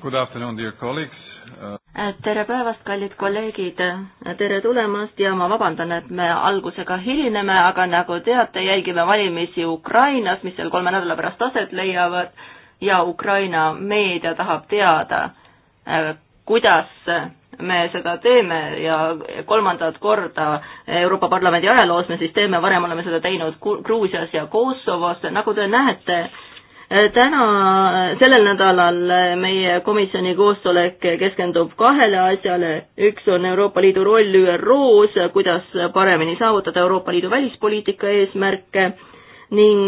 Good afternoon, dear colleagues. Uh, tere päevast, kallid kolleegid, tere tulemast ja ma vabandan, et me algusega hilineme, aga nagu teate, jälgime valimisi Ukrainas, mis seal kolme nädala pärast aset leiavad ja Ukraina meedia tahab teada, äh, kuidas me seda teeme ja kolmandat korda Euroopa Parlamendi ajaloos me siis teeme, varem oleme seda teinud Gruusias ja Kosovos, nagu te näete, Äh, täna, äh, sellel nädalal äh, meie komisjoni koosolek keskendub kahele asjale, üks on Euroopa Liidu roll ÜRO-s, kuidas paremini saavutada Euroopa Liidu välispoliitika eesmärke ning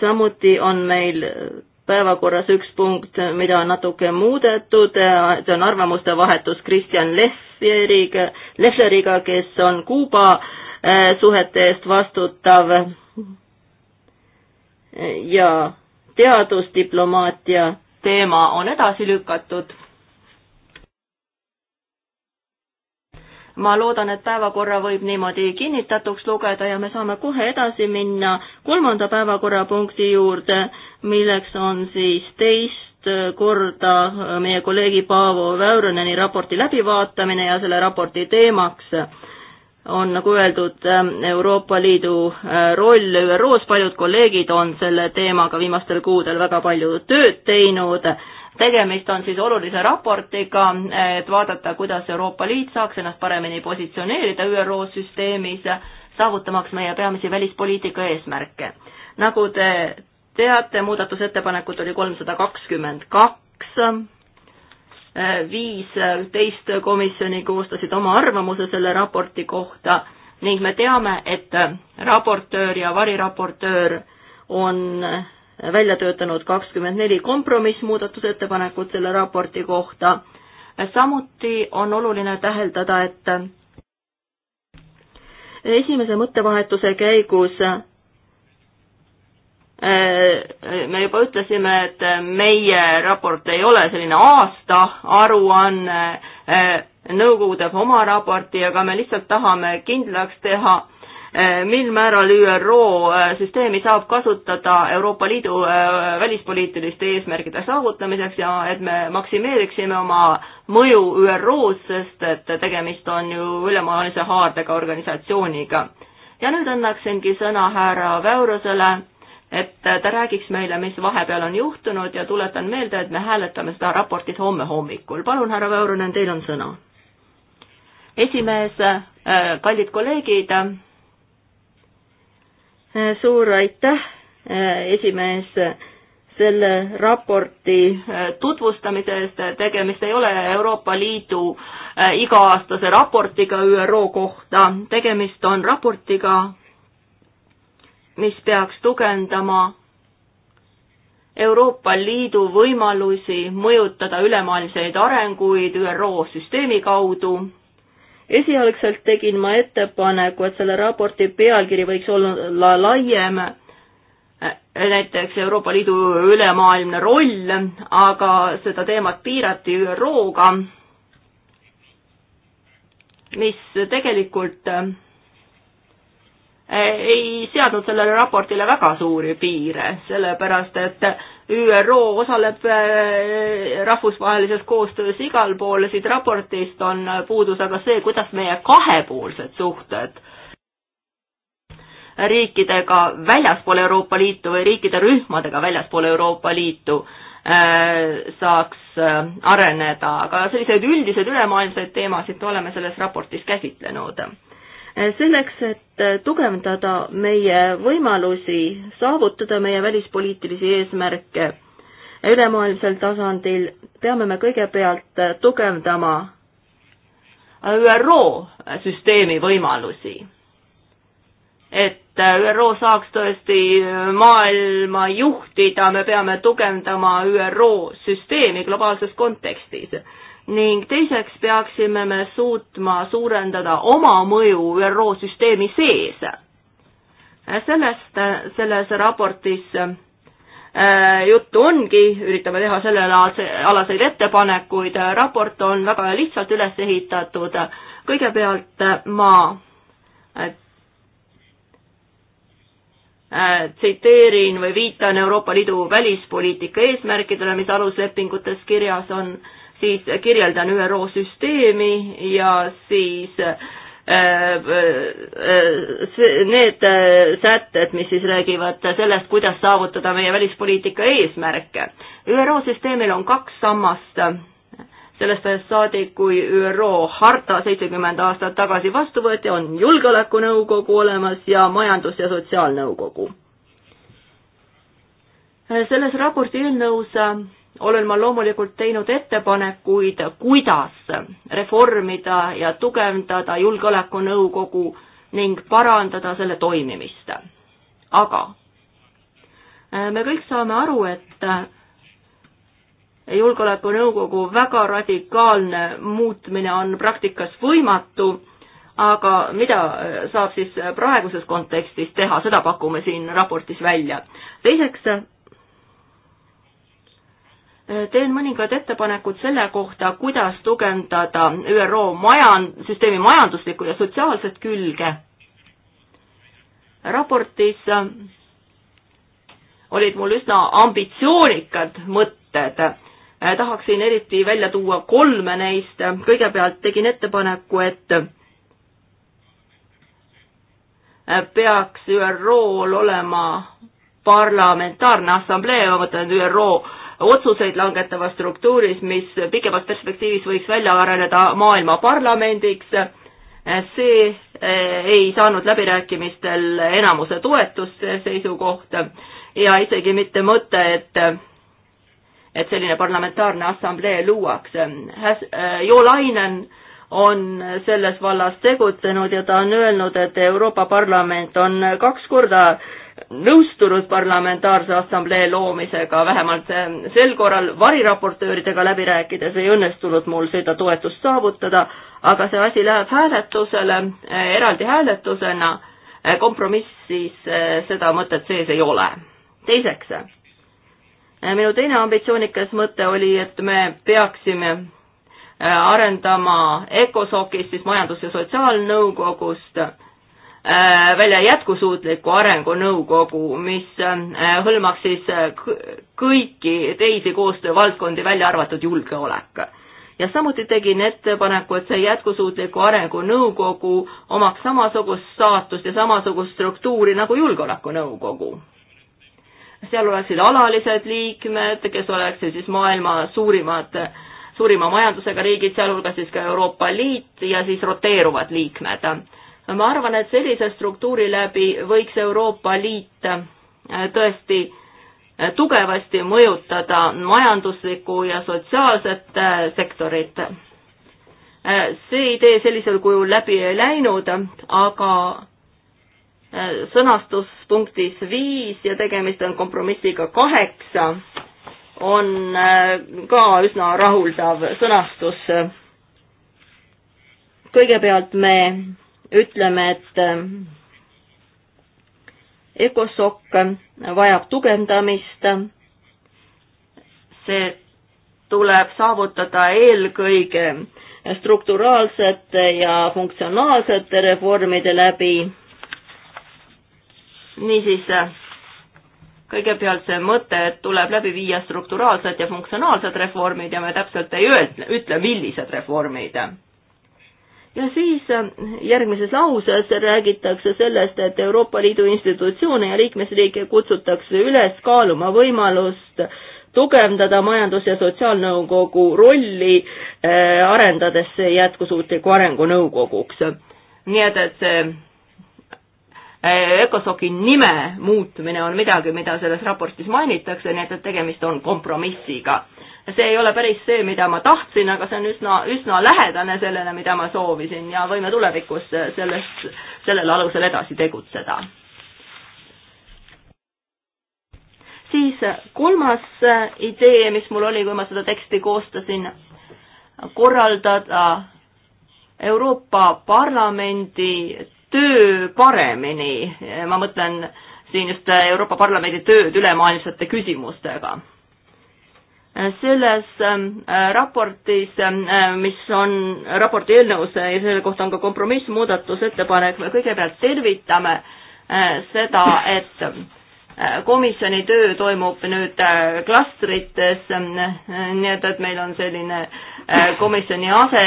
samuti on meil päevakorras üks punkt, mida on natuke muudetud, see on arvamuste vahetus Kristjan Lefleriga, Lefleriga, kes on Kuuba suhete eest vastutav ja teadusdiplomaatia teema on edasi lükatud. ma loodan, et päevakorra võib niimoodi kinnitatuks lugeda ja me saame kohe edasi minna kolmanda päevakorrapunkti juurde, milleks on siis teist korda meie kolleegi Paavo Väürõneni raporti läbivaatamine ja selle raporti teemaks on, nagu öeldud, ähm, Euroopa Liidu äh, roll ÜRO-s, paljud kolleegid on selle teemaga viimastel kuudel väga palju tööd teinud, tegemist on siis olulise raportiga, et vaadata, kuidas Euroopa Liit saaks ennast paremini positsioneerida ÜRO süsteemis, saavutamaks meie peamisi välispoliitika eesmärke. nagu te teate, muudatusettepanekut oli kolmsada kakskümmend kaks, viis teist komisjoni koostasid oma arvamuse selle raporti kohta ning me teame, et raportöör ja variraportöör on välja töötanud kakskümmend neli kompromissmuudatusettepanekut selle raporti kohta. samuti on oluline täheldada, et esimese mõttevahetuse käigus Äh, me juba ütlesime, et meie raport ei ole selline aastaaruanne, äh, nõukogu teeb oma raporti, aga me lihtsalt tahame kindlaks teha, äh, mil määral ÜRO süsteemi saab kasutada Euroopa Liidu välispoliitiliste eesmärgide saavutamiseks ja et me maksimeeriksime oma mõju ÜRO-s, sest et tegemist on ju ülemaailmse haardega organisatsiooniga. ja nüüd annaksingi sõna härra Väurusele et ta räägiks meile, mis vahepeal on juhtunud ja tuletan meelde, et me hääletame seda raportit homme hommikul. palun, härra Väurunen, teil on sõna. esimees, äh, kallid kolleegid, äh, suur aitäh, äh, esimees selle raporti tutvustamise eest, tegemist ei ole Euroopa Liidu iga-aastase raportiga ÜRO kohta, tegemist on raportiga, mis peaks tugevdama Euroopa Liidu võimalusi mõjutada ülemaailmseid arenguid ÜRO süsteemi kaudu. esialgselt tegin ma ettepaneku, et selle raporti pealkiri võiks olla laiem, näiteks Euroopa Liidu ülemaailmne roll, aga seda teemat piirati ÜRO-ga, mis tegelikult Eh, ei seadnud sellele raportile väga suuri piire, sellepärast et ÜRO osaleb eh, rahvusvahelises koostöös igal pool, siit raportist on puudus aga see, kuidas meie kahepoolsed suhted riikidega väljaspool Euroopa Liitu või riikide rühmadega väljaspool Euroopa Liitu eh, saaks areneda, aga selliseid üldiseid ülemaailmseid teemasid oleme selles raportis käsitlenud Eh, selleks, et eh, tugevdada meie võimalusi saavutada meie välispoliitilisi eesmärke eh, ülemaailmsel tasandil, peame me kõigepealt tugevdama ÜRO süsteemi võimalusi. et ÜRO saaks tõesti maailma juhtida, me peame tugevdama ÜRO süsteemi globaalses kontekstis ning teiseks peaksime me suutma suurendada oma mõju ÜRO süsteemi sees. sellest selles raportis äh, juttu ongi, üritame teha sellelaadseid ettepanekuid, raport on väga lihtsalt üles ehitatud, kõigepealt ma äh, äh, tsiteerin või viitan Euroopa Liidu välispoliitika eesmärkidele, mis aluslepingutes kirjas on siis kirjeldan ÜRO süsteemi ja siis äh, äh, äh, need sätted, mis siis räägivad sellest, kuidas saavutada meie välispoliitika eesmärke. ÜRO süsteemil on kaks sammast, sellest ajast saadik, kui ÜRO harta seitsekümmend aastat tagasi vastu võeti, on Julgeolekunõukogu olemas ja Majandus- ja Sotsiaalnõukogu. selles raporti eelnõus olen ma loomulikult teinud ettepanekuid, kuidas reformida ja tugevdada Julgeolekunõukogu ning parandada selle toimimist. aga äh, me kõik saame aru, et äh, julgeolekunõukogu väga radikaalne muutmine on praktikas võimatu, aga mida äh, saab siis praeguses kontekstis teha, seda pakume siin raportis välja. teiseks, teen mõningad ettepanekud selle kohta, kuidas tugevdada ÜRO majand-, süsteemi majanduslikku ja sotsiaalset külge. raportis olid mul üsna ambitsioonikad mõtted. tahaksin eriti välja tuua kolme neist. kõigepealt tegin ettepaneku, et peaks ÜRO-l olema parlamentaarne assamblee, ma mõtlen ÜRO otsuseid langetavas struktuuris, mis pikemas perspektiivis võiks välja areneda maailma parlamendiks. see eh, ei saanud läbirääkimistel enamuse toetust, see seisukoht ja isegi mitte mõte, et et selline parlamentaarne assamblee luuakse. Eh, jo Lainen on selles vallas tegutsenud ja ta on öelnud, et Euroopa Parlament on kaks korda äh, nõustunud parlamentaarse assamblee loomisega, vähemalt eh, sel korral variraportööridega läbi rääkides ei õnnestunud mul seda toetust saavutada, aga see asi läheb hääletusele, eh, eraldi hääletusena, eh, kompromissis seda mõtet sees ei ole. teiseks, minu teine ambitsioonikas mõte oli, et me peaksime arendama ECOSOC-ist, siis Majandus- ja Sotsiaalnõukogust Äh, välja jätkusuutliku arengunõukogu, mis äh, hõlmaks siis äh, kõiki teisi koostöövaldkondi, välja arvatud julgeolek. ja samuti tegin ettepaneku, et see jätkusuutliku arengunõukogu omaks samasugust staatust ja samasugust struktuuri nagu julgeolekunõukogu. seal oleksid alalised liikmed, kes oleksid siis maailma suurimad, suurima majandusega riigid, sealhulgas siis ka Euroopa Liit ja siis roteeruvad liikmed ma arvan, et sellise struktuuri läbi võiks Euroopa Liit äh, tõesti äh, tugevasti mõjutada majanduslikku ja sotsiaalset äh, sektorit. see idee sellisel kujul läbi ei läinud, aga sõnastus punktis viis ja tegemist on kompromissiga kaheksa, on ka üsna rahuldav sõnastus. kõigepealt me ütleme, et äh, ECOSOC vajab tugevdamist. see tuleb saavutada eelkõige strukturaalsete ja funktsionaalsete reformide läbi. niisiis, kõigepealt see mõte, et tuleb läbi viia strukturaalsed ja funktsionaalsed reformid ja me täpselt ei ütle, ütle, millised reformid ja siis äh, järgmises lauses räägitakse sellest, et Euroopa Liidu institutsioone ja liikmesriike kutsutakse üles kaaluma võimalust tugevdada Majandus- ja Sotsiaalnõukogu rolli äh,, arendades jätkusuutliku arengu nõukoguks. nii et, et see Ökosoki äh, nime muutmine on midagi, mida selles raportis mainitakse, nii et, et tegemist on kompromissiga see ei ole päris see, mida ma tahtsin, aga see on üsna, üsna lähedane sellele, mida ma soovisin ja võime tulevikus sellest, sellel alusel edasi tegutseda. siis kolmas idee, mis mul oli, kui ma seda teksti koostasin, korraldada Euroopa Parlamendi töö paremini, ma mõtlen siin just Euroopa Parlamendi tööd ülemaailmsete küsimustega Äh, selles ähm, äh, raportis, ähm, äh, mis on raporti eelnõus ja selle kohta on ka kompromissmuudatusettepanek, me kõigepealt tervitame seda, et komisjoni töö toimub nüüd klastrites, nii et, et meil on selline komisjoni ase,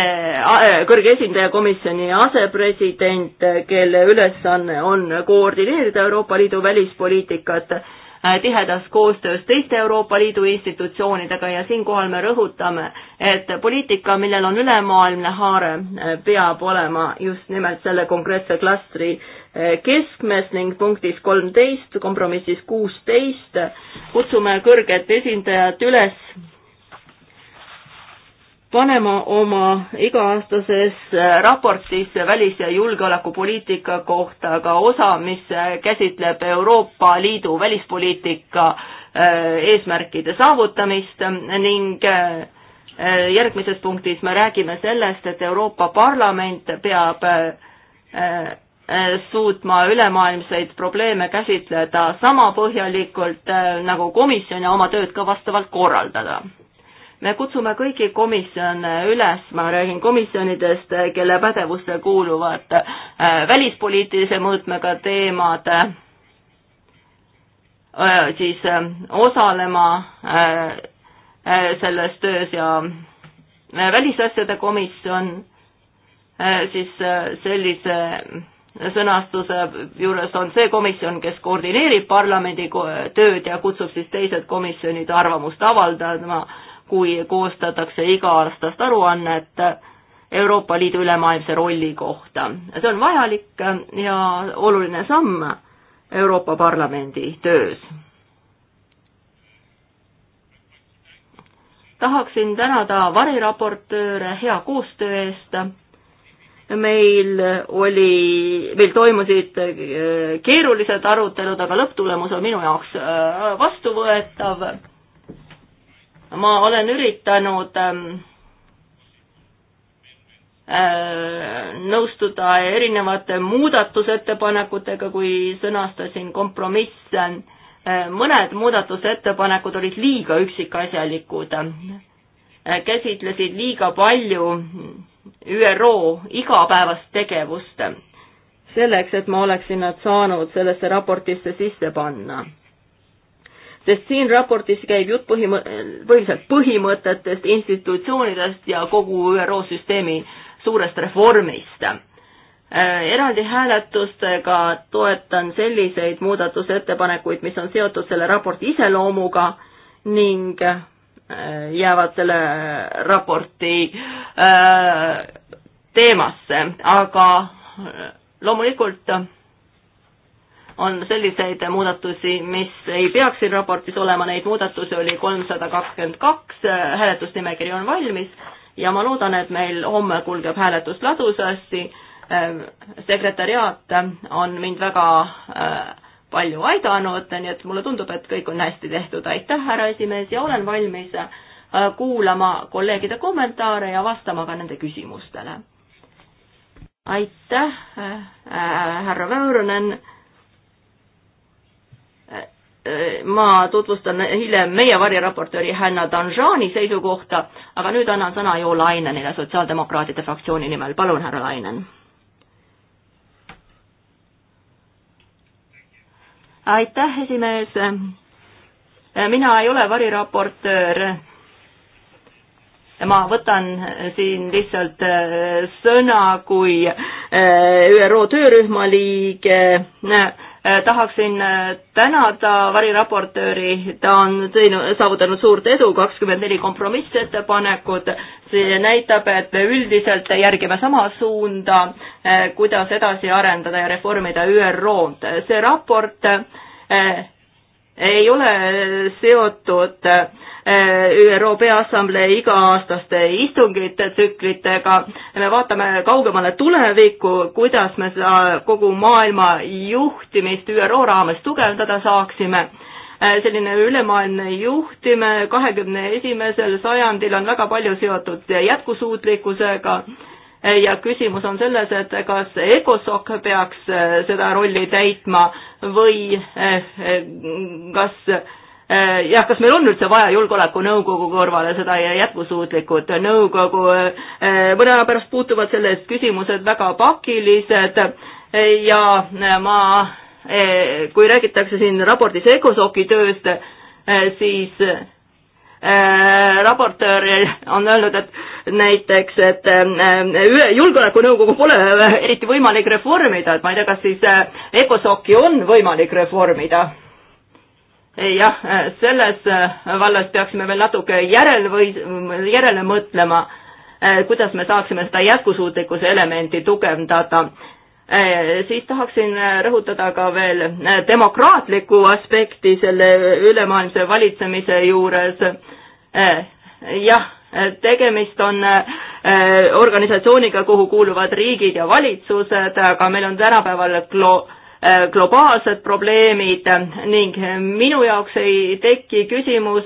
kõrge esindaja komisjoni asepresident, kelle ülesanne on, on koordineerida Euroopa Liidu välispoliitikat Äh, tihedas koostöös teiste Euroopa Liidu institutsioonidega ja siinkohal me rõhutame, et poliitika, millel on ülemaailmne haare, äh, peab olema just nimelt selle konkreetse klastri äh, keskmes ning punktis kolmteist, kompromissis kuusteist kutsume kõrget esindajat üles panema oma iga-aastases äh, raportis välis- ja julgeolekupoliitika kohta ka osa, mis äh, käsitleb Euroopa Liidu välispoliitika äh, eesmärkide saavutamist ning järgmises punktis me räägime sellest, et Euroopa Parlament peab suutma ülemaailmseid probleeme käsitleda sama põhjalikult nagu komisjon ja oma tööd ka vastavalt korraldada me kutsume kõiki komisjone üles, ma räägin komisjonidest, kelle pädevusse kuuluvad äh, välispoliitilise mõõtmega teemad, äh, siis äh, osalema selles töös ja välisasjade komisjon siis sellise sõnastuse juures on see komisjon, kes koordineerib parlamendi tööd ja kutsub siis teised komisjonid arvamust avaldama kui koostatakse iga-aastast aruannet Euroopa Liidu ülemaailmse rolli kohta. see on vajalik ja oluline samm Euroopa Parlamendi töös. tahaksin tänada variraportööre hea koostöö eest meil oli, meil toimusid keerulised arutelud, aga lõpptulemus on minu jaoks äh, vastuvõetav ma olen üritanud ähm, äh, nõustuda erinevate muudatusettepanekutega, kui sõnastasin kompromisse. Äh, mõned muudatusettepanekud olid liiga üksikasjalikud, äh, käsitlesid liiga palju ÜRO igapäevast tegevust selleks, et ma oleksin nad saanud sellesse raportisse sisse panna sest siin raportis käib jutt põhimõ-, põhiliselt põhimõtetest, institutsioonidest ja kogu ÜRO süsteemi suurest reformist. Äh, eraldi hääletustega toetan selliseid muudatusettepanekuid, mis on seotud selle raporti iseloomuga ning äh, jäävad selle raporti äh, teemasse, aga loomulikult on selliseid muudatusi, mis ei peaks siin raportis olema, neid muudatusi oli kolmsada kakskümmend kaks, hääletusnimekiri on valmis ja ma loodan, et meil homme kulgeb hääletus ladusasti. sekretäriaat on mind väga äh, palju aidanud, nii et mulle tundub, et kõik on hästi tehtud. aitäh, härra esimees, ja olen valmis äh, kuulama kolleegide kommentaare ja vastama ka nende küsimustele. aitäh, äh, härra Väüronen ma tutvustan hiljem meie variraportööri Hanna Danjani seisukohta, aga nüüd annan sõna Jo Lainenile Sotsiaaldemokraatide fraktsiooni nimel, palun, härra Lainen. aitäh, esimees. mina ei ole variraportöör. ma võtan siin lihtsalt sõna kui eh, ÜRO töörühma liige Äh, tahaksin äh, tänada variraportööri, ta on teinud, saavutanud suurt edu, kakskümmend neli kompromissettepanekut, see näitab, et me üldiselt järgime sama suunda, äh, kuidas edasi arendada ja reformida ÜRO-d. see raport ei ole seotud äh, Eh, ÜRO Peaassamblee iga-aastaste istungite tsüklitega. me vaatame kaugemale tulevikku, kuidas me seda kogu maailma juhtimist ÜRO raames tugevdada saaksime eh, selline ülemaailmne juhtimine kahekümne esimesel sajandil on väga palju seotud jätkusuutlikkusega eh, ja küsimus on selles, et kas ECOSOC peaks seda rolli täitma või kas Äh, jah, kas meil on üldse vaja julgeolekunõukogu kõrvale seda jätkusuutlikud nõukogu, äh, äh, mõne aja pärast puutuvad sellest küsimused väga pakilised ja ma, kui räägitakse siin raportis Ecosoci tööst, siis raportöör on öelnud, et näiteks, et julgeolekunõukogu pole eriti võimalik reformida, et ma ei tea, kas siis ECOSOC-i on võimalik reformida jah, selles äh, vallas peaksime veel natuke järel või järele mõtlema, äh, kuidas me saaksime seda jätkusuutlikkuse elementi tugevdada. Äh, siis tahaksin rõhutada ka veel demokraatlikku aspekti selle ülemaailmse valitsemise juures. jah, tegemist on organisatsiooniga, kuhu kuuluvad riigid ja valitsused, aga meil on tänapäeval glo-, Äh, globaalsed probleemid ning minu jaoks ei teki küsimus,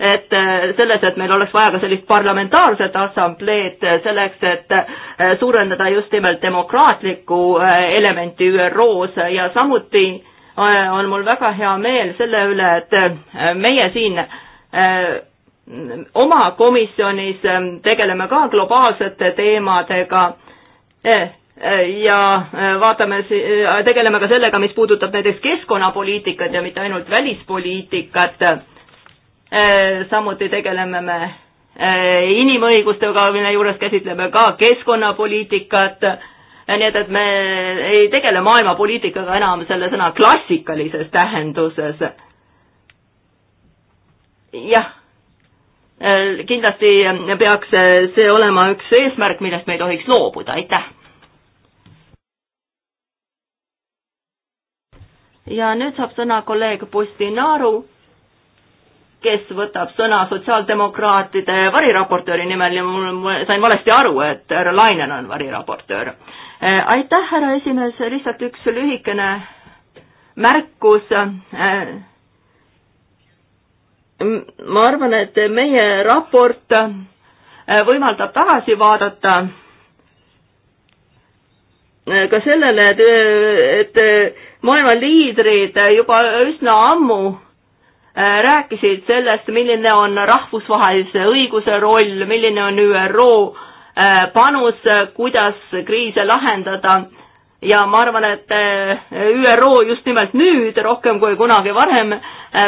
et äh, selles, et meil oleks vaja ka sellist parlamentaarset assambleed selleks, et äh, suurendada just nimelt demokraatlikku elementi ÜRO-s ja samuti on mul väga hea meel selle üle, et meie siin oma komisjonis tegeleme ka globaalsete teemadega ja äh, vaatame, äh, tegeleme ka sellega, mis puudutab näiteks keskkonnapoliitikat ja mitte ainult välispoliitikat. Äh, samuti tegeleme me inimõigustega, mille juures käsitleme ka keskkonnapoliitikat. nii et, et me ei tegele maailmapoliitikaga enam selle sõna klassikalises tähenduses. jah kindlasti peaks see olema üks eesmärk, millest me ei tohiks loobuda, aitäh! ja nüüd saab sõna kolleeg Postinaru, kes võtab sõna sotsiaaldemokraatide variraportööri nimel ja mul, sain valesti aru, et härra Lainen on variraportöör. Eh, aitäh, härra esimees, lihtsalt üks lühikene märkus. Eh, ma arvan, et meie raport eh, võimaldab tagasi vaadata Äh, ka sellele, et, äh, et äh, maailma liidrid juba üsna ammu rääkisid sellest, milline on rahvusvahelise õiguse roll, milline on ÜRO panus, kuidas kriise lahendada ja ma arvan, et ÜRO just nimelt nüüd rohkem kui kunagi varem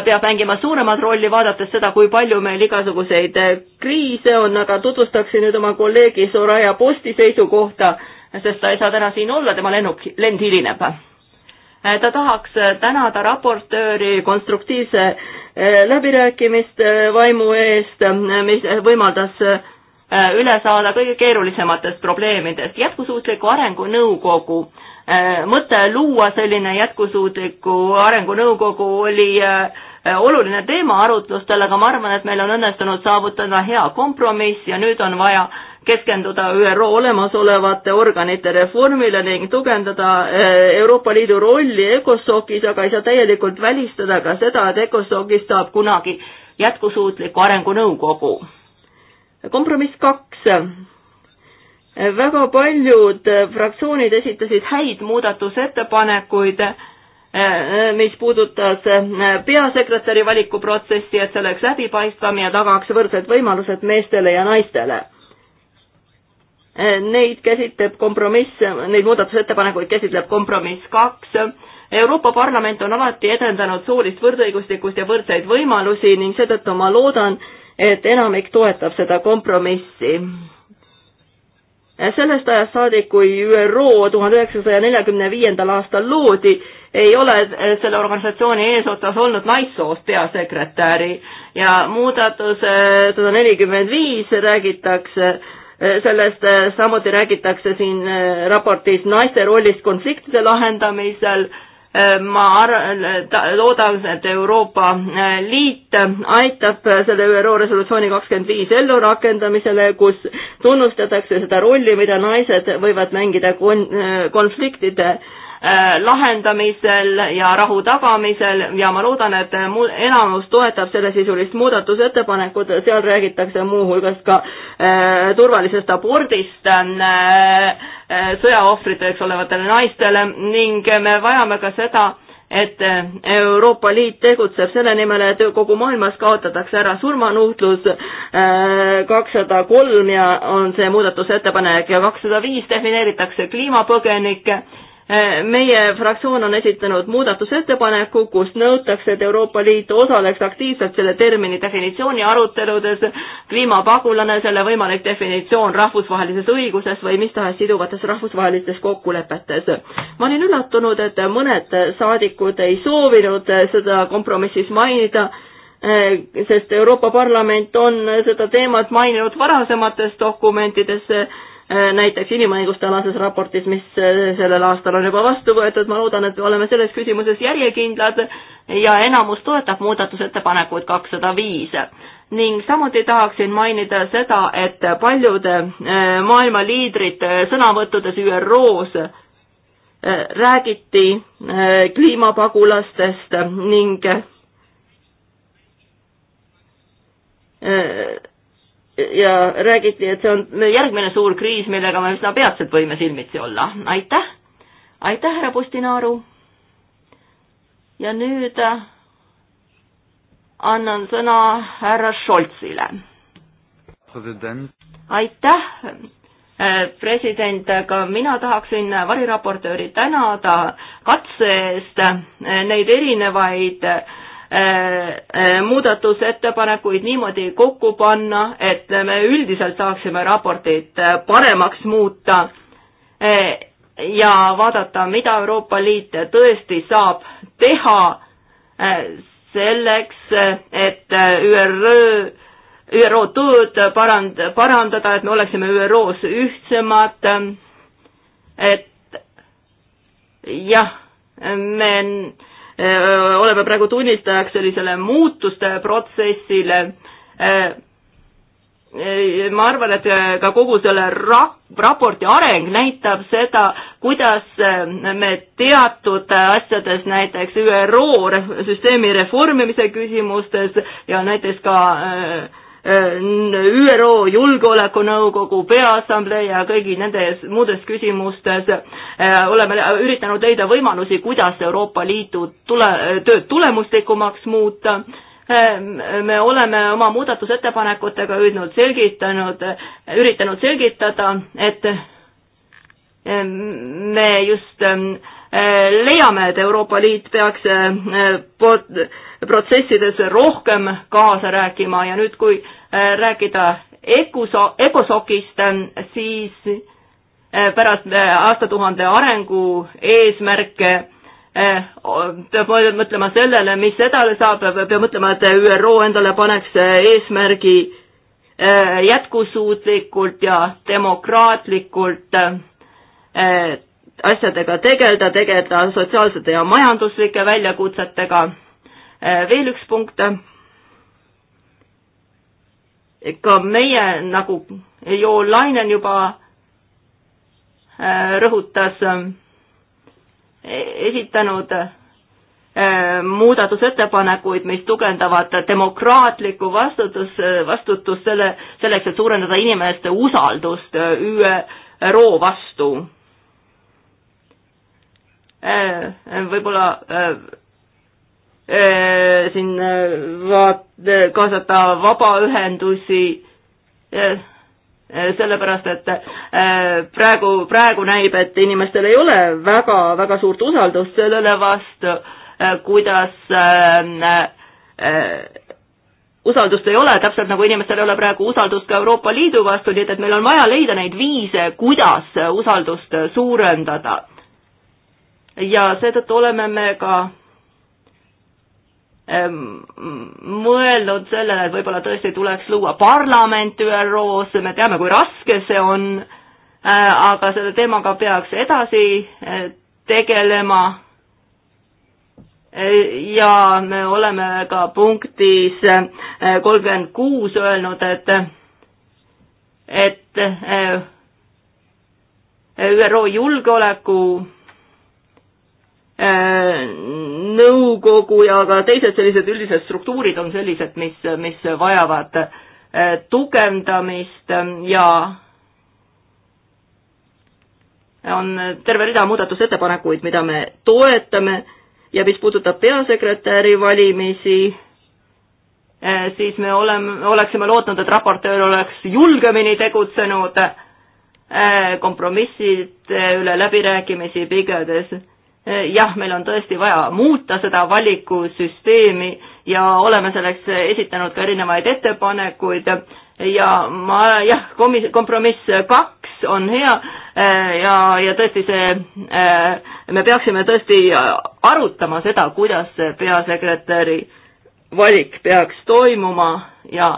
peab mängima suuremat rolli, vaadates seda, kui palju meil igasuguseid kriise on, aga tutvustaksin nüüd oma kolleegi Soraya Posti seisukohta sest ta ei saa täna siin olla, tema lennuk, lend hilineb. Äh, ta tahaks äh, tänada raportööri konstruktiivse äh, läbirääkimiste vaimu eest, mis võimaldas üle saada kõige keerulisematest probleemidest. jätkusuutliku arengu nõukogu mõte luua selline jätkusuutliku arengu nõukogu oli äh, Äh, oluline teema arutlustele, aga ma arvan, et meil on õnnestunud saavutada hea kompromiss ja nüüd on vaja keskenduda ÜRO olemasolevate organite reformile ning tugevdada äh, Euroopa Liidu rolli ECOSOC-is, aga ei saa täielikult välistada ka seda, et ECOSOC-ist saab kunagi jätkusuutliku arengunõukogu. kompromiss kaks. väga paljud fraktsioonid esitasid häid muudatusettepanekuid Äh, äh, mis puudutas äh, peasekretäri valikuprotsessi, et see oleks läbipaistvam ja tagaks võrdsed võimalused meestele ja naistele. Neid käsitleb kompromiss, neid muudatusettepanekuid käsitleb kompromiss kaks. Euroopa Parlament on alati edendanud soolist võrdõiguslikkust ja võrdseid võimalusi ning seetõttu ma loodan, et enamik toetab seda kompromissi sellest ajast saadik, kui ÜRO tuhande üheksasaja neljakümne viiendal aastal loodi, ei ole eh, selle organisatsiooni eesotsas olnud naissoost peasekretäri ja muudatus sada nelikümmend viis räägitakse eh, sellest, eh, samuti räägitakse siin raportis naiste rollist konfliktide lahendamisel, ma ar-, loodan, et Euroopa Liit aitab selle ÜRO resolutsiooni kakskümmend viis ellurakendamisele, kus tunnustatakse seda rolli, mida naised võivad mängida kon-, konfliktide Äh, lahendamisel ja rahu tagamisel ja ma loodan, et enamus toetab sellesisulist muudatusettepanekut, seal räägitakse muuhulgas ka äh, turvalisest abordist äh, äh sõjaohvriteks olevatele naistele ning me vajame ka seda, et Euroopa Liit tegutseb selle nimel, et kogu maailmas kaotatakse ära surmanuhtlus äh, kakssada kolm ja on see muudatusettepanek ja kakssada viis defineeritakse kliimapõgenikke meie fraktsioon on esitanud muudatusettepaneku, kus nõutakse, et Euroopa Liit osaleks aktiivselt selle termini definitsiooni aruteludes, kliimapagulane, selle võimalik definitsioon rahvusvahelises õiguses või mis tahes siduvates rahvusvahelistes kokkulepetes. ma olin üllatunud, et mõned saadikud ei soovinud seda kompromissis mainida, sest Euroopa Parlament on seda teemat maininud varasemates dokumentides Äh, näiteks inimõiguste alases raportis, mis äh, sellel aastal on juba vastu võetud, ma loodan, et oleme selles küsimuses järjekindlad ja enamus toetab muudatusettepanekut kakssada viis. ning samuti tahaksin mainida seda, et paljude äh, maailma liidrite sõnavõttudes ÜRO-s räägiti kliimapagulastest ning ja räägiti, et see on järgmine suur kriis, millega me üsna peatselt võime silmitsi olla. aitäh, aitäh, härra Pustinaaru. ja nüüd äh, annan sõna härra Scholzile. aitäh, äh, president, aga mina tahaksin variraportööri tänada katse eest äh, neid erinevaid äh, Äh, äh, muudatusettepanekuid niimoodi kokku panna, et me üldiselt saaksime raportit äh, paremaks muuta ja vaadata, mida Euroopa Liit tõesti saab teha selleks, et ÜRÖ, ÜRO tööd parand-, parandada, et me oleksime ÜRO-s ühtsemad, et jah, me oleme praegu tunnistajaks sellisele muutuste protsessile. ma arvan, et ka kogu selle ra-, raporti areng näitab seda, kuidas me teatud asjades, näiteks ÜRO süsteemi reformimise küsimustes ja näiteks ka äh, Äh, ÜRO Julgeolekunõukogu Peaassamblee ja kõigi nendes muudes küsimustes äh, oleme üritanud leida võimalusi, kuidas Euroopa Liidu tule, tööd tulemuslikumaks muuta. Ähm, me oleme oma muudatusettepanekutega üritanud selgitanud, üritanud selgitada, et ähm, me just ähm, äh, leiame, et Euroopa Liit peaks protsessides rohkem kaasa rääkima ja nüüd, kui äh, rääkida ECOSO-, ECOSOC-ist, äh, siis äh, pärast aastatuhande arengu eesmärke peab mõtlema sellele, mis edasi saab, peab mõtlema, et ÜRO endale paneks eesmärgi jätkusuutlikult ja demokraatlikult asjadega tegeleda, tegeleda sotsiaalsete ja majanduslike väljakutsetega Äh, veel üks punkt. ka meie nagu Jo Lainen juba äh, rõhutas, äh, esitanud muudatusettepanekuid, mis tugevdavad demokraatlikku vastutus, vastutust selle, selleks, et suurendada inimeste usaldust ÜRO vastu. võib-olla Äh, siin äh, vaat-, äh, kaasata vabaühendusi, sellepärast et praegu, praegu näib, et inimestel ei ole väga, väga suurt usaldust sellele vastu, kuidas usaldust ei ole, täpselt nagu inimestel ei ole praegu usaldust ka Euroopa Liidu vastu, nii et, et meil on vaja leida neid viise, kuidas usaldust suurendada. ja seetõttu oleme me ka Ähm, mõelnud sellele, et võib-olla tõesti tuleks luua parlament ÜRO-s, me teame, kui raske see on, äh, aga selle teemaga peaks edasi äh, tegelema. Äh, ja me oleme ka punktis kolmkümmend kuus öelnud, et, et ÜRO julgeoleku Äh, nõukogu ja ka teised sellised üldised struktuurid on sellised, mis, mis vajavad äh, tugevdamist ähm, ja on terve rida muudatusettepanekuid, mida me toetame ja mis puudutab peasekretäri valimisi, äh, siis me oleme, oleksime lootnud, et raportöör oleks julgemini tegutsenud kompromisside üle läbirääkimisi pigades Eh, jah, meil on tõesti vaja muuta seda valikusüsteemi ja oleme selleks esitanud ka erinevaid ettepanekuid ja ma jah, komis-, kompromiss kaks on hea eh, ja, ja tõesti see, eh, me peaksime tõesti arutama seda, kuidas see peasekretäri valik peaks toimuma ja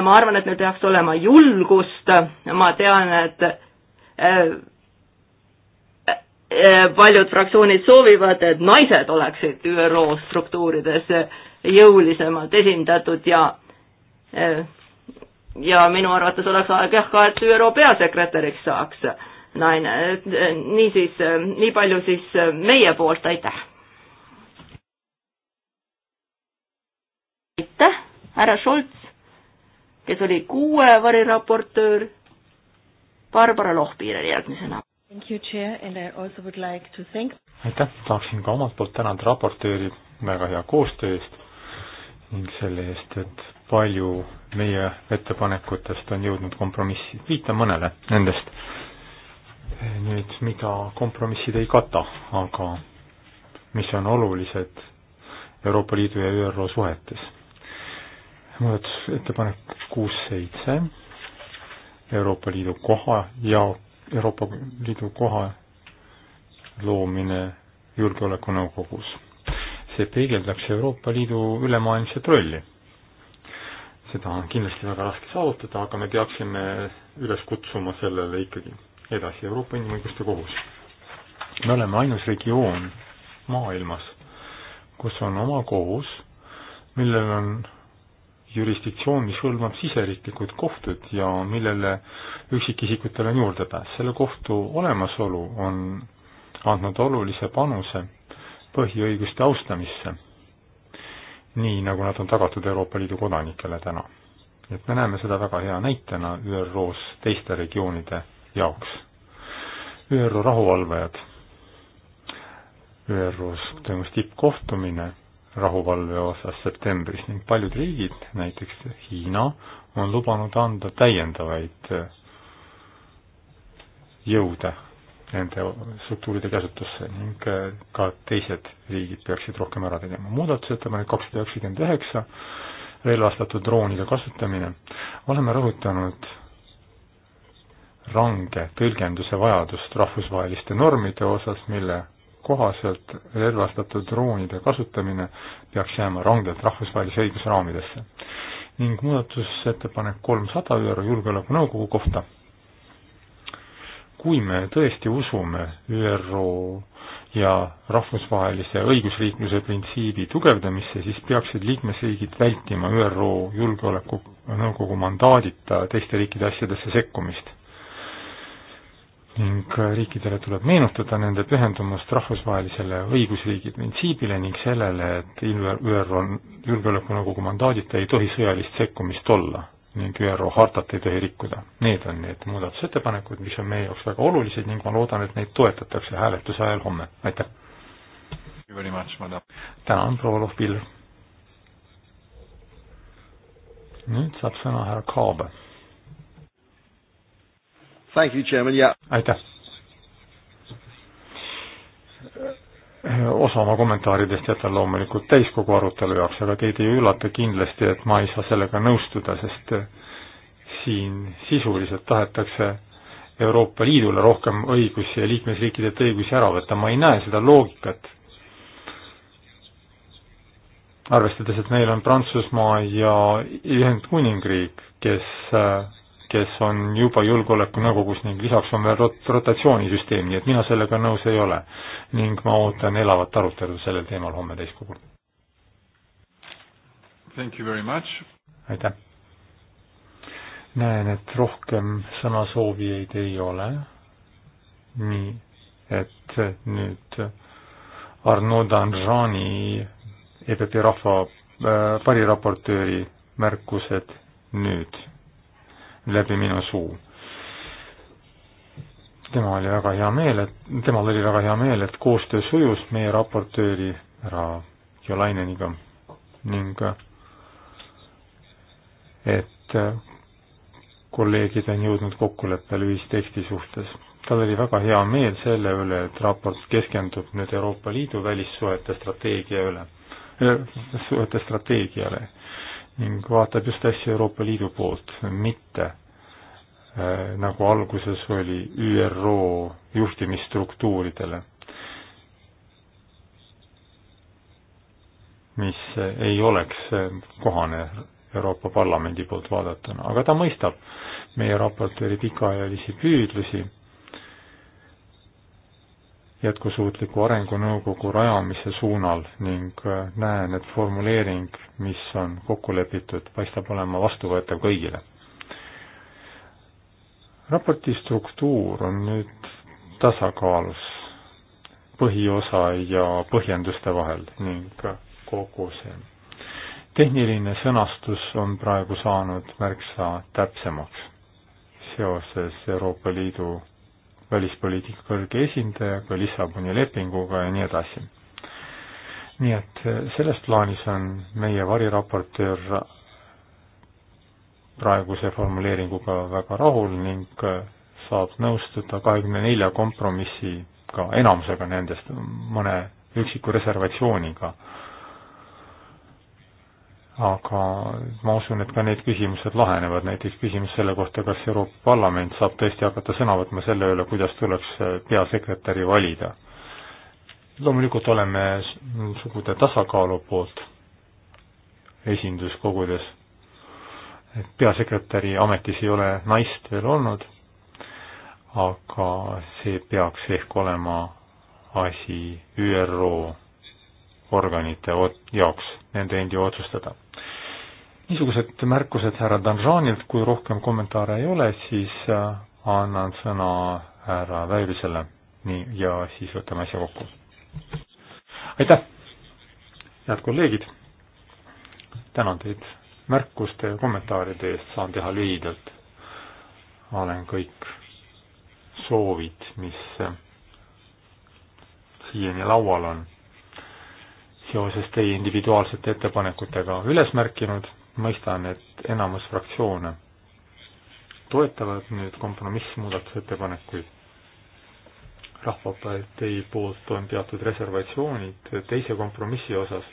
ma arvan, et meil peaks olema julgust, ma tean, et Eh, paljud fraktsioonid soovivad, et naised oleksid ÜRO struktuurides jõulisemalt esindatud ja eh, ja minu arvates oleks aeg jah ka, et ÜRO peasekretäriks saaks naine. Eh, niisiis, nii palju siis meie poolt, aitäh. aitäh, härra Šolts, kes oli kuue variraportöör. Barbara Lohpiir oli järgmisena. Thank you, Chair, and I also would like to thank aitäh, tahaksin ka omalt poolt tänada raportööri väga hea koostöö eest ning selle eest, et palju meie ettepanekutest on jõudnud kompromissi, viitan mõnele nendest. nüüd, mida kompromissid ei kata, aga mis on olulised Euroopa Liidu ja ÜRO suhetes. muudatusettepanek kuus, seitse, Euroopa Liidu koha jaoks Euroopa Liidu koha loomine Julgeolekunõukogus. see peegeldaks Euroopa Liidu ülemaailmset rolli. seda on kindlasti väga raske saavutada, aga me peaksime üles kutsuma sellele ikkagi edasi Euroopa Inimõiguste Kohus. me oleme ainus regioon maailmas, kus on oma kohus, millel on jurisdiktsioon, mis hõlmab siseriiklikud kohtud ja millele üksikisikutel on juurdepääs. selle kohtu olemasolu on andnud olulise panuse põhiõiguste austamisse, nii nagu nad on tagatud Euroopa Liidu kodanikele täna. et me näeme seda väga hea näitena ÜRO-s teiste regioonide jaoks. ÜRO rahuvalvajad, ÜRO-s toimus tippkohtumine rahuvalve osas septembris ning paljud riigid, näiteks Hiina, on lubanud anda täiendavaid eh, jõude nende struktuuride käsutusse ning eh, ka teised riigid peaksid rohkem ära tegema. muudatusettepanek kakssada üheksakümmend üheksa, relvastatud droonide kasutamine, oleme rõhutanud range tõlgenduse vajadust rahvusvaheliste normide osas, mille kohaselt relvastatud droonide kasutamine peaks jääma rangelt rahvusvahelise õiguse raamidesse. ning muudatusettepanek kolmsada ÜRO Julgeolekunõukogu kohta. kui me tõesti usume ÜRO ja rahvusvahelise õigusriikluse printsiibi tugevdamisse, siis peaksid liikmesriigid vältima ÜRO Julgeolekunõukogu mandaadita teiste riikide asjadesse sekkumist ning riikidele tuleb meenutada nende pühendumust rahvusvahelisele õigusriigi printsiibile ning sellele, et ÜRO Julgeolekunõukogu mandaadita ei tohi sõjalist sekkumist olla ning ÜRO hartat ei tohi rikkuda. Need on need muudatusettepanekud, mis on meie jaoks väga olulised ning ma loodan, et neid toetatakse hääletuse ajal homme, aitäh! tänan, proua Lohvpiller! nüüd saab sõna härra Kaaba Thank you, Chairman, yeah. aitäh! osa oma kommentaaridest jätan loomulikult täiskogu arutelu jaoks, aga teid ei üllata kindlasti, et ma ei saa sellega nõustuda, sest siin sisuliselt tahetakse Euroopa Liidule rohkem õigusi ja liikmesriikidelt õigusi ära võtta, ma ei näe seda loogikat. arvestades, et meil on Prantsusmaa ja Ühendkuningriik, kes äh, kes on juba Julgeolekunõukogus ning lisaks on veel rot-, rotatsioonisüsteem, nii et mina sellega nõus ei ole. ning ma ootan elavat arutelu sellel teemal homme täiskogul. aitäh! näen, et rohkem sõnasoovijaid ei ole, nii et nüüd Arno Danjani, EPP rahva äh, pariraportööri märkused nüüd läbi minu suu. tema oli väga hea meel, et, temal oli väga hea meel, et koostöö sujus meie raportööri härra Jolaineniga ning et kolleegid on jõudnud kokkuleppele ühisteksti suhtes. tal oli väga hea meel selle üle, et raport keskendub nüüd Euroopa Liidu välissuhete strateegia üle, äh, suhete strateegiale ning vaatab just asja Euroopa Liidu poolt, mitte äh, nagu alguses oli ÜRO juhtimisstruktuuridele, mis ei oleks kohane Euroopa Parlamendi poolt vaadatuna, aga ta mõistab meie raportööri pikaajalisi püüdlusi jätkusuutliku arengunõukogu rajamise suunal ning äh, näen, et formuleering, mis on kokku lepitud, paistab olema vastuvõetav kõigile. raporti struktuur on nüüd tasakaalus põhiosa ja põhjenduste vahel ning äh, kogu see tehniline sõnastus on praegu saanud märksa täpsemaks seoses Euroopa Liidu välispoliitika kõrge esindajaga, Lissaboni lepinguga ja nii edasi. nii et eh, selles plaanis on meie variraportöör praeguse formuleeringuga väga rahul ning eh, saab nõustuda kahekümne nelja kompromissiga, enamusega nendest, mõne üksiku reservatsiooniga aga ma usun, et ka need küsimused lahenevad, näiteks küsimus selle kohta, kas Euroopa Parlament saab tõesti hakata sõna võtma selle üle, kuidas tuleks peasekretäri valida. loomulikult oleme sugude tasakaalu poolt esinduskogudes, et peasekretäri ametis ei ole naist veel olnud, aga see peaks ehk olema asi ÜRO organite jaoks nende endi otsustada niisugused märkused härra Danjanilt, kui rohkem kommentaare ei ole, siis äh, annan sõna härra Väirisele, nii, ja siis võtame asja kokku. aitäh, head kolleegid, tänan teid märkuste ja kommentaaride eest, saan teha lühidalt. olen kõik soovid, mis äh, siiani laual on, seoses teie individuaalsete ettepanekutega üles märkinud mõistan, et enamus fraktsioone toetavad nüüd kompromissmuudatusettepanekuid. rahvapartei poolt on teatud reservatsioonid teise kompromissi osas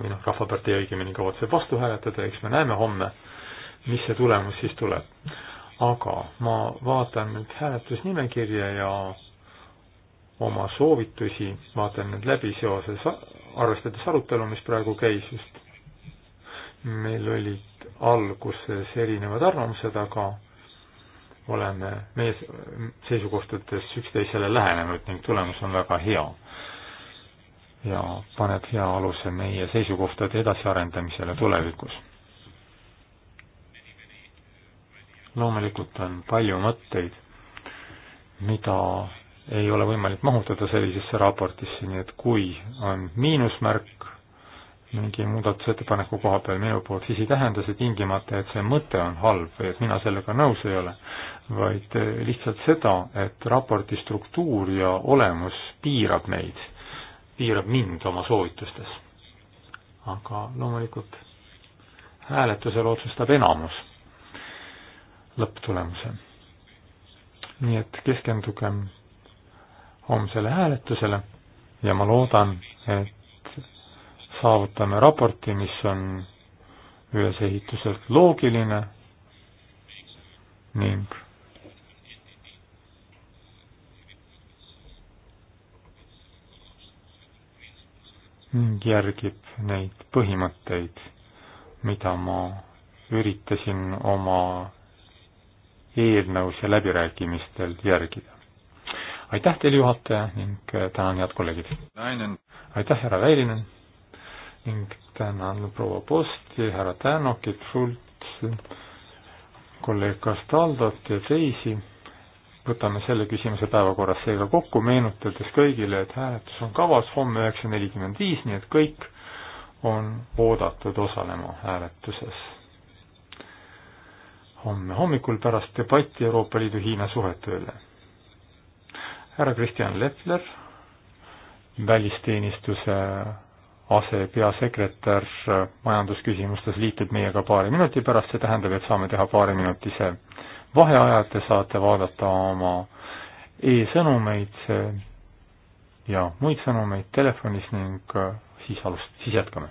või noh, Rahvapartei õigemini kavatseb vastu hääletada, eks me näeme homme, mis see tulemus siis tuleb. aga ma vaatan nüüd hääletusnimekirja ja oma soovitusi vaatan nüüd läbi seoses, arvestades arutelu, mis praegu käis just meil olid alguses erinevad arvamused, aga oleme meie seisukohtades üksteisele lähenenud ning tulemus on väga hea. ja paneb hea aluse meie seisukohtade edasiarendamisele tulevikus. loomulikult on palju mõtteid, mida ei ole võimalik mahutada sellisesse raportisse, nii et kui on miinusmärk mingi muudatusettepaneku koha peal minu poolt, siis ei tähenda see tingimata, et see mõte on halb või et mina sellega nõus ei ole, vaid eh, lihtsalt seda, et raporti struktuur ja olemus piirab meid, piirab mind oma soovitustes. aga loomulikult hääletusel otsustab enamus lõpptulemuse. nii et keskendugem homsele hääletusele ja ma loodan, et saavutame raporti, mis on ülesehituselt loogiline ning ning järgib neid põhimõtteid, mida ma üritasin oma eelnõus ja läbirääkimistel järgida. aitäh teile, juhataja, ning tänan head kolleegid! aitäh, härra Väilinen! ning tänan proua Posti, härra Tänokit, Schultz, kolleeg Kastaldot ja teisi. võtame selle küsimuse päevakorras seega kokku, meenutades kõigile, et hääletus on kavas homme üheksa nelikümmend viis, nii et kõik on oodatud osalema hääletuses. homme hommikul pärast debatti Euroopa Liidu Hiina suhete üle. härra Kristjan Lehtler, välisteenistuse asepeasekretär majandusküsimustes liitub meiega paari minuti pärast, see tähendab, et saame teha paariminutise vaheaja, te saate vaadata oma e-sõnumeid ja muid sõnumeid telefonis ning äh, siis alust-, siis jätkame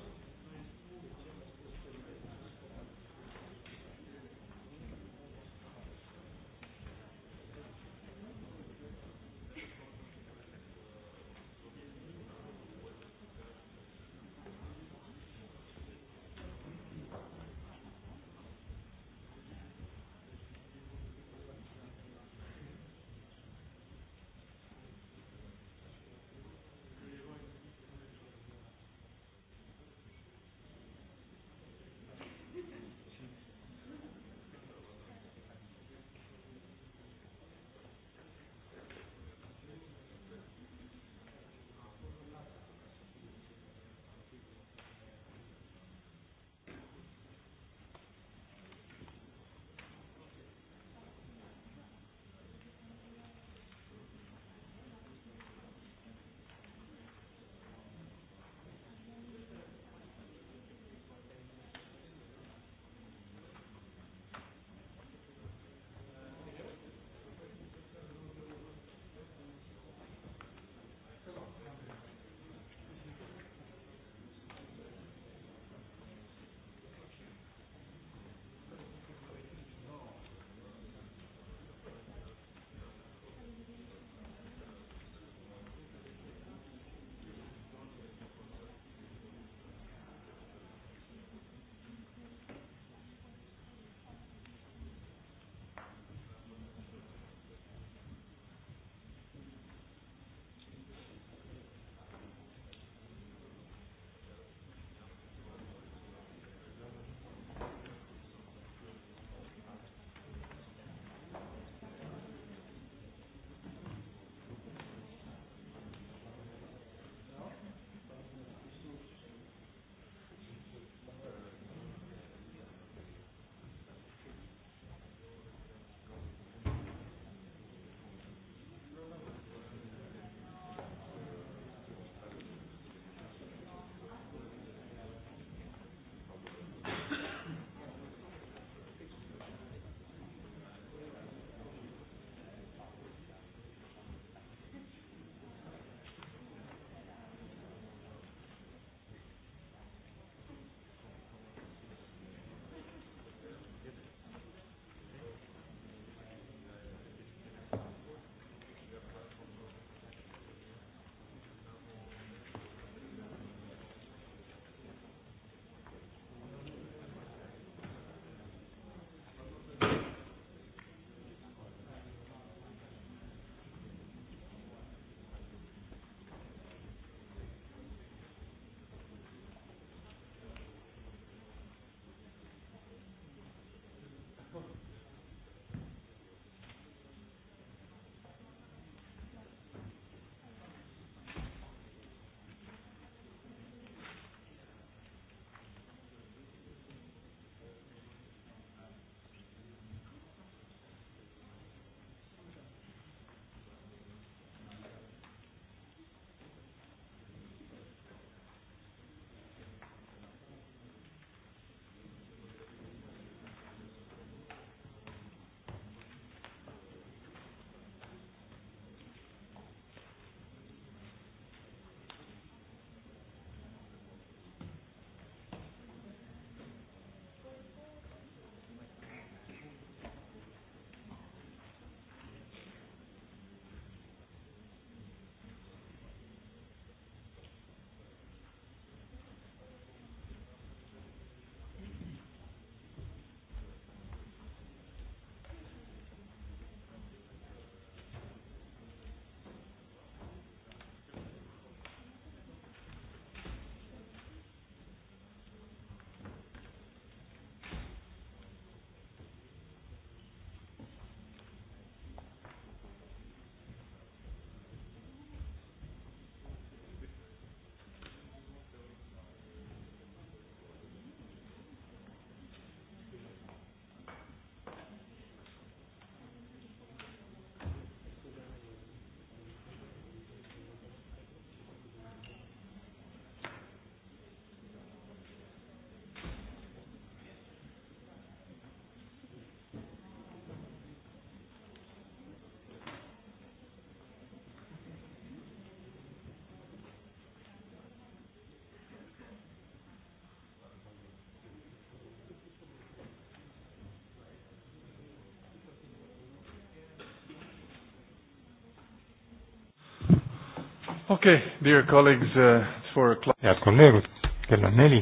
okei okay,, dear colleagues uh,, it's four o'clock. head kolleegid, kell on neli.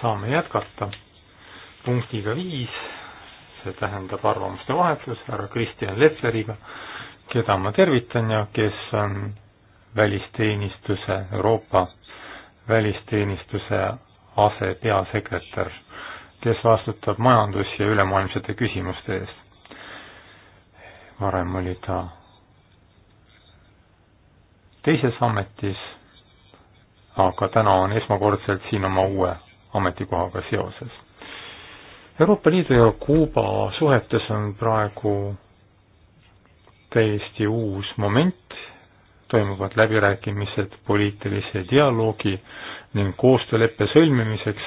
saame jätkata punktiga viis, see tähendab arvamuste vahetus härra Kristjan Lepleriga, keda ma tervitan ja kes on välisteenistuse, Euroopa välisteenistuse asepeasekretär, kes vastutab majandus- ja ülemaailmsete küsimuste eest. varem oli ta teises ametis, aga täna on esmakordselt siin oma uue ametikohaga seoses. Euroopa Liidu ja Kuuba suhetes on praegu täiesti uus moment, toimuvad läbirääkimised poliitilise dialoogi ning koostööleppe sõlmimiseks.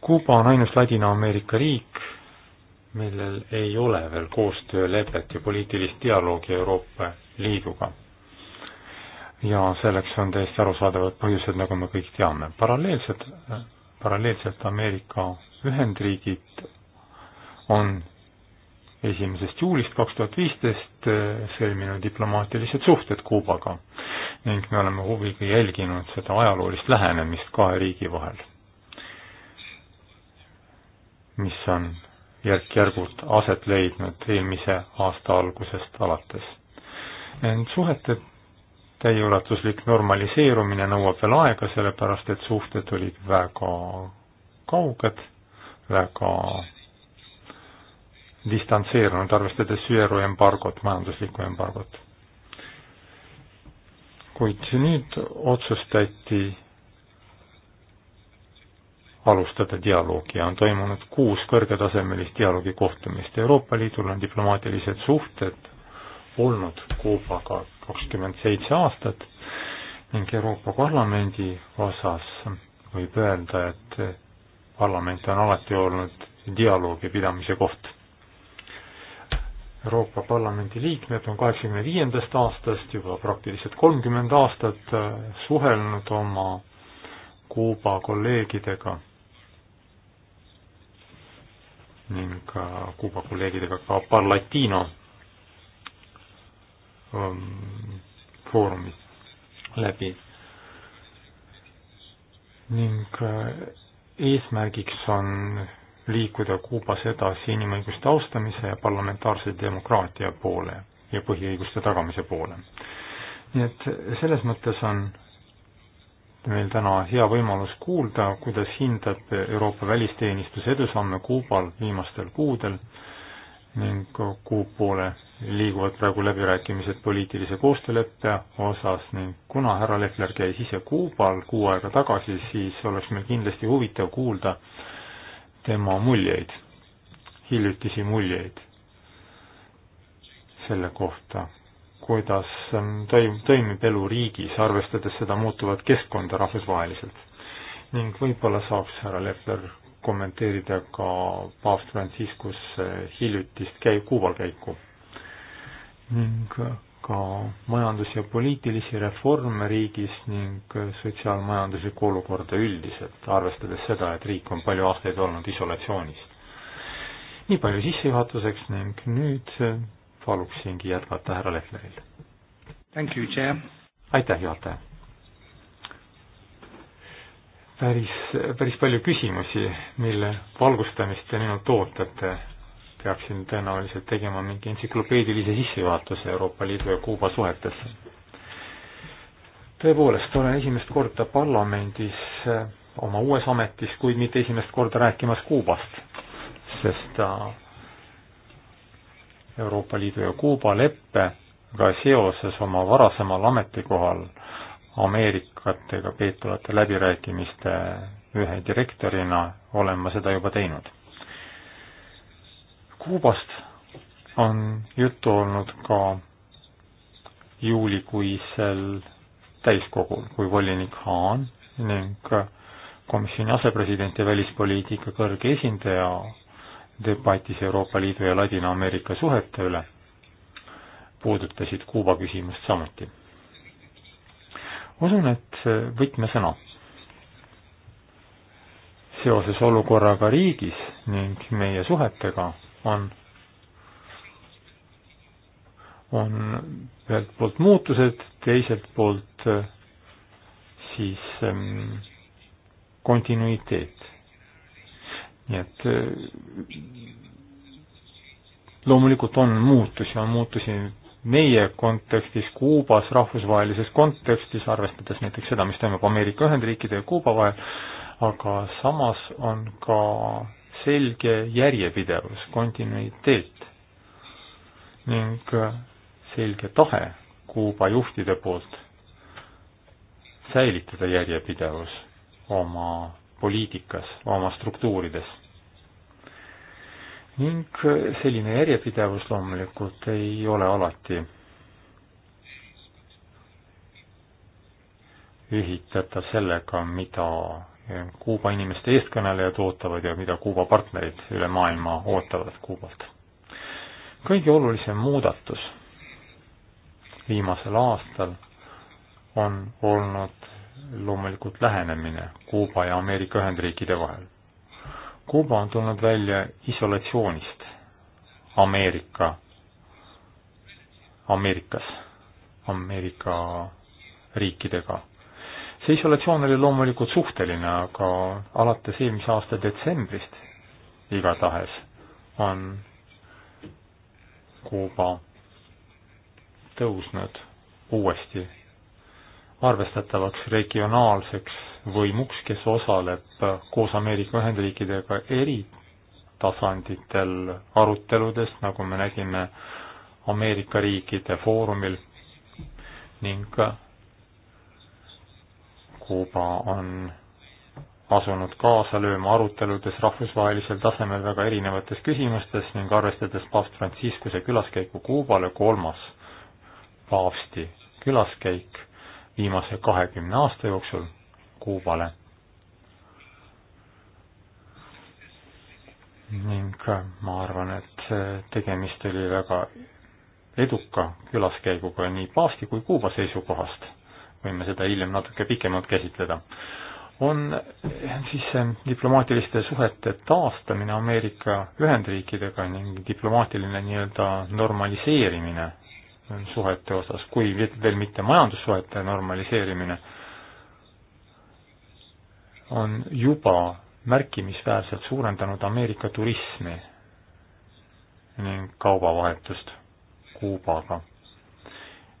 Kuuba on ainus Ladina-Ameerika riik, millel ei ole veel koostöölepet ja poliitilist dialoogi Euroopa Liiduga ja selleks on täiesti arusaadavad põhjused, nagu me kõik teame. paralleelselt, paralleelselt Ameerika Ühendriigid on esimesest juulist kaks tuhat viisteist sõlminud diplomaatilised suhted Kuubaga ning me oleme huviga jälginud seda ajaloolist lähenemist kahe riigi vahel, mis on järk-järgult aset leidnud eelmise aasta algusest alates. ent suhete täieulatuslik normaliseerumine nõuab veel aega, sellepärast et suhted olid väga kauged, väga distantseerunud, arvestades ÜRO embargot, majanduslikku embargot. kuid nüüd otsustati alustada dialoogi ja on toimunud kuus kõrgetasemelist dialoogi kohtumist. Euroopa Liidul on diplomaatilised suhted olnud Kuubaga kakskümmend seitse aastat ning Euroopa Parlamendi osas võib öelda, et parlament on alati olnud dialoogi pidamise koht. Euroopa Parlamendi liikmed on kaheksakümne viiendast aastast juba praktiliselt kolmkümmend aastat äh, suhelnud oma Kuuba kolleegidega ning äh, Kuuba kolleegidega ka Par Latino Ähm, foorumist läbi. ning äh, eesmärgiks on liikuda Kuubas edasi inimõiguste austamise ja parlamentaarse demokraatia poole ja põhiõiguste tagamise poole. nii et selles mõttes on meil täna hea võimalus kuulda, kuidas hindab Euroopa välisteenistus edusamme Kuubal viimastel kuudel ning kuupoole liiguvad praegu läbirääkimised poliitilise koostööleppe osas ning kuna härra Lehler käis ise Kuubal kuu aega tagasi, siis oleks meil kindlasti huvitav kuulda tema muljeid, hiljutisi muljeid selle kohta, kuidas toim-, toimib elu riigis, arvestades seda muutuvat keskkonda rahvusvaheliselt. ning võib-olla saaks härra Lehler kommenteerida ka paavst Franciscus eh, hiljutist käi-, Kuubal käiku ning ka majandus- ja poliitilisi reforme riigis ning sotsiaalmajanduslikku olukorda üldiselt, arvestades seda, et riik on palju aastaid olnud isolatsioonis. nii palju sissejuhatuseks ning nüüd eh, paluksingi jätkata härra Lehtleril. aitäh, juhataja! päris, päris palju küsimusi, mille valgustamist te minult ootate. peaksin tõenäoliselt tegema mingi entsüklopeedilise sissejuhatuse Euroopa Liidu ja Kuuba suhetesse. tõepoolest, olen esimest korda parlamendis eh, oma uues ametis, kuid mitte esimest korda rääkimas Kuubast, sest Euroopa Liidu ja Kuuba leppega seoses oma varasemal ametikohal äh, Ameerikatega peetavate läbirääkimiste ühe direktorina olen ma seda juba teinud. Kuubast on juttu olnud ka juulikuisel täiskogul, kui volinik Haan ning komisjoni asepresident ja välispoliitika kõrge esindaja debatis Euroopa Liidu ja Ladina-Ameerika suhete üle puudutasid Kuuba küsimust samuti usun, et äh, võtmesõna seoses olukorraga riigis ning meie suhetega on, on ühelt poolt muutused, teiselt poolt äh, siis ähm, kontinuiteet. nii et äh, loomulikult on muutusi, on muutusi meie kontekstis, Kuubas, rahvusvahelises kontekstis, arvestades näiteks seda, mis toimub Ameerika Ühendriikide ja Kuuba vahel, aga samas on ka selge järjepidevus, kontinuiteet ning selge tahe Kuuba juhtide poolt säilitada järjepidevus oma poliitikas, oma struktuurides ning selline järjepidevus loomulikult ei ole alati ühitatav sellega, mida Kuuba inimeste eestkõnelejad ootavad ja mida Kuuba partnerid üle maailma ootavad Kuubalt. kõige olulisem muudatus viimasel aastal on olnud loomulikult lähenemine Kuuba ja Ameerika Ühendriikide vahel Kuuba on tulnud välja isolatsioonist Ameerika, Ameerikas, Ameerika riikidega. see isolatsioon oli loomulikult suhteline, aga alates eelmise aasta detsembrist igatahes on Kuuba tõusnud uuesti arvestatavaks regionaalseks võimuks, kes osaleb koos Ameerika Ühendriikidega eri tasanditel aruteludes, nagu me nägime Ameerika riikide foorumil ning Kuuba on asunud kaasa lööma aruteludes rahvusvahelisel tasemel väga erinevates küsimustes ning arvestades paavst Franciscuse külaskäiku Kuubale, kolmas paavsti külaskäik viimase kahekümne aasta jooksul Kuubale. ning ma arvan, et tegemist oli väga eduka külaskäiguga nii paavsti kui Kuuba seisukohast. võime seda hiljem natuke pikemalt käsitleda. on siis diplomaatiliste suhete taastamine Ameerika Ühendriikidega ning diplomaatiline nii-öelda normaliseerimine suhete osas, kui veel mitte majandussuhete normaliseerimine on juba märkimisväärselt suurendanud Ameerika turismi ning kaubavahetust Kuubaga,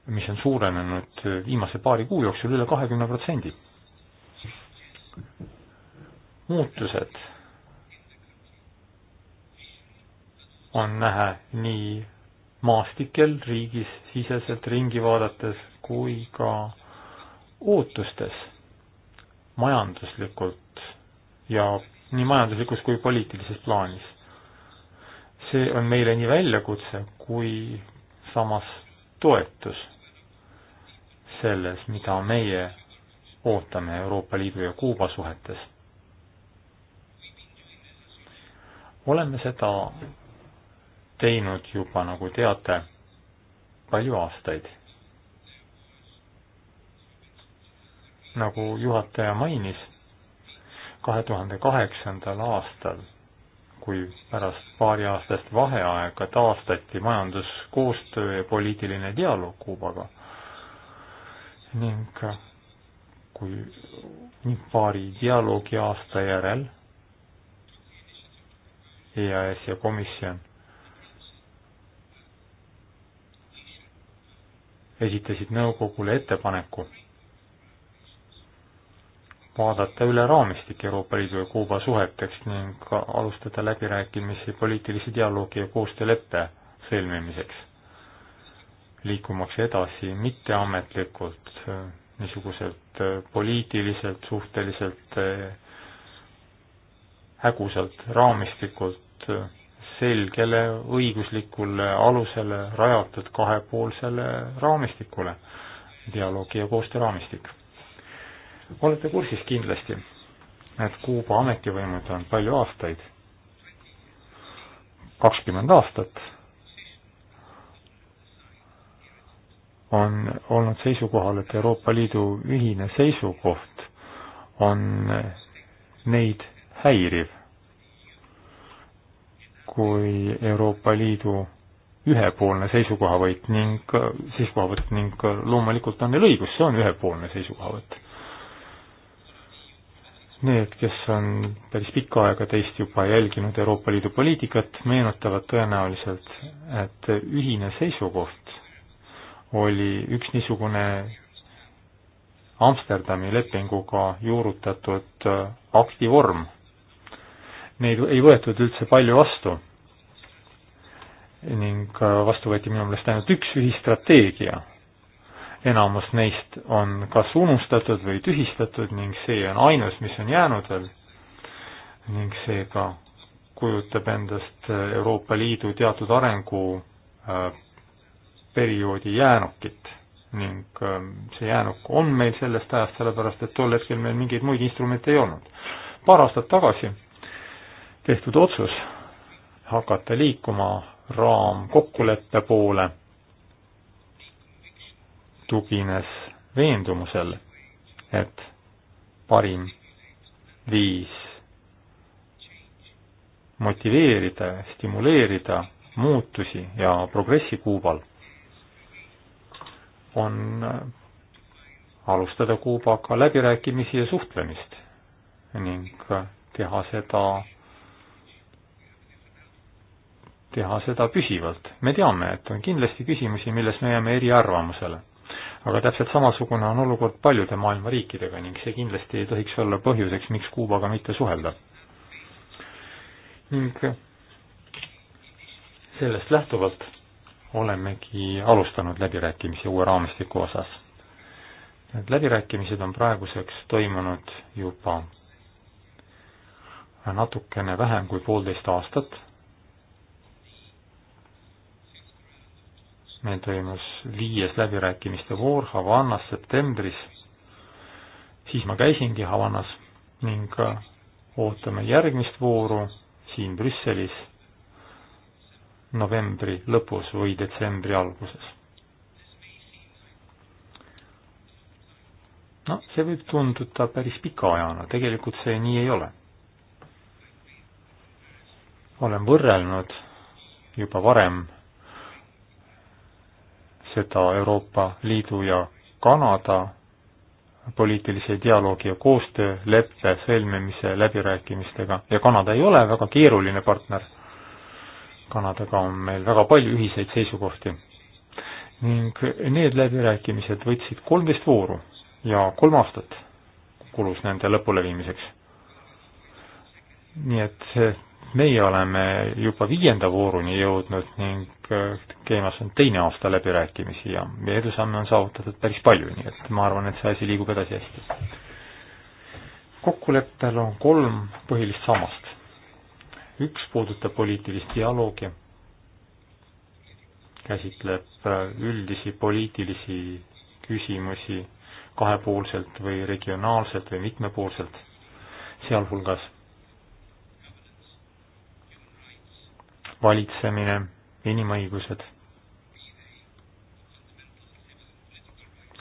mis on suurenenud viimase paari kuu jooksul üle kahekümne protsendi. muutused on näha nii maastikel riigis siseselt ringi vaadates kui ka ootustes majanduslikult ja nii majanduslikus kui poliitilises plaanis. see on meile nii väljakutse kui samas toetus selles, mida meie ootame Euroopa Liidu ja Kuuba suhetes. oleme seda teinud juba, nagu teate, palju aastaid nagu juhataja mainis, kahe tuhande kaheksandal aastal, kui pärast paariaastast vaheaega taastati majanduskoostöö ja poliitiline dialoog Kuubaga ning kui ning paari dialoogi aasta järel EAS ja komisjon esitasid nõukogule ettepaneku vaadata üle raamistik Euroopa Liidu ja Kuuba suheteks ning alustada läbirääkimisi poliitilise dialoogi ja koostööleppe sõlmimiseks, liikumaks edasi mitteametlikult niisuguselt äh, poliitiliselt suhteliselt äh, häguselt raamistikult äh, selgele õiguslikule alusele rajatud kahepoolsele raamistikule, dialoogi ja koostööraamistik olete kursis kindlasti, et Kuuba ametivõimud on palju aastaid, kakskümmend aastat, on olnud seisukohal, et Euroopa Liidu ühine seisukoht on neid häiriv, kui Euroopa Liidu ühepoolne seisukohavõtt ning, seisukohavõtt ning loomulikult on neil õigus, see on ühepoolne seisukohavõtt Need, kes on päris pikka aega teist juba jälginud Euroopa Liidu poliitikat, meenutavad tõenäoliselt, et ühine seisukoht oli üks niisugune Amsterdami lepinguga juurutatud aktivorm. Neid ei võetud üldse palju vastu ning vastu võeti minu meelest ainult üks ühistrateegia enamus neist on kas unustatud või tühistatud ning see on ainus, mis on jäänud veel ning seega kujutab endast Euroopa Liidu teatud arengu äh, perioodi jäänukit ning äh, see jäänuk on meil sellest ajast, sellepärast et tol hetkel meil mingeid muid instrumente ei olnud. paar aastat tagasi tehtud otsus hakata liikuma raamkokkuleppe poole tugines veendumusel, et parim viis motiveerida ja stimuleerida muutusi ja progressi Kuubal on alustada Kuubaga läbirääkimisi ja suhtlemist ning teha seda, teha seda püsivalt. me teame, et on kindlasti küsimusi, milles me jääme eriarvamusele aga täpselt samasugune on olukord paljude maailma riikidega ning see kindlasti ei tohiks olla põhjuseks, miks Kuubaga mitte suhelda. ning sellest lähtuvalt olemegi alustanud läbirääkimisi uue raamistiku osas. Need läbirääkimised on praeguseks toimunud juba natukene vähem kui poolteist aastat meil toimus viies läbirääkimiste voor Havanas septembris, siis ma käisingi Havanas ning äh, ootame järgmist vooru siin Brüsselis novembri lõpus või detsembri alguses. no see võib tunduda päris pika ajana, tegelikult see nii ei ole. olen võrrelnud juba varem seda Euroopa Liidu ja Kanada poliitilise dialoogi ja koostööleppe sõlmimise läbirääkimistega ja Kanada ei ole väga keeruline partner. Kanadaga on meil väga palju ühiseid seisukohti ning need läbirääkimised võtsid kolmteist vooru ja kolm aastat kulus nende lõpuleviimiseks. nii et meie oleme juba viienda vooruni jõudnud ning käimas äh, on teine aasta läbirääkimisi ja meie edusamme on saavutatud päris palju, nii et ma arvan, et see asi liigub edasi hästi. kokkuleppel on kolm põhilist sammast. üks puudutab poliitilist dialoogi, käsitleb äh, üldisi poliitilisi küsimusi kahepoolselt või regionaalselt või mitmepoolselt, sealhulgas valitsemine, inimõigused,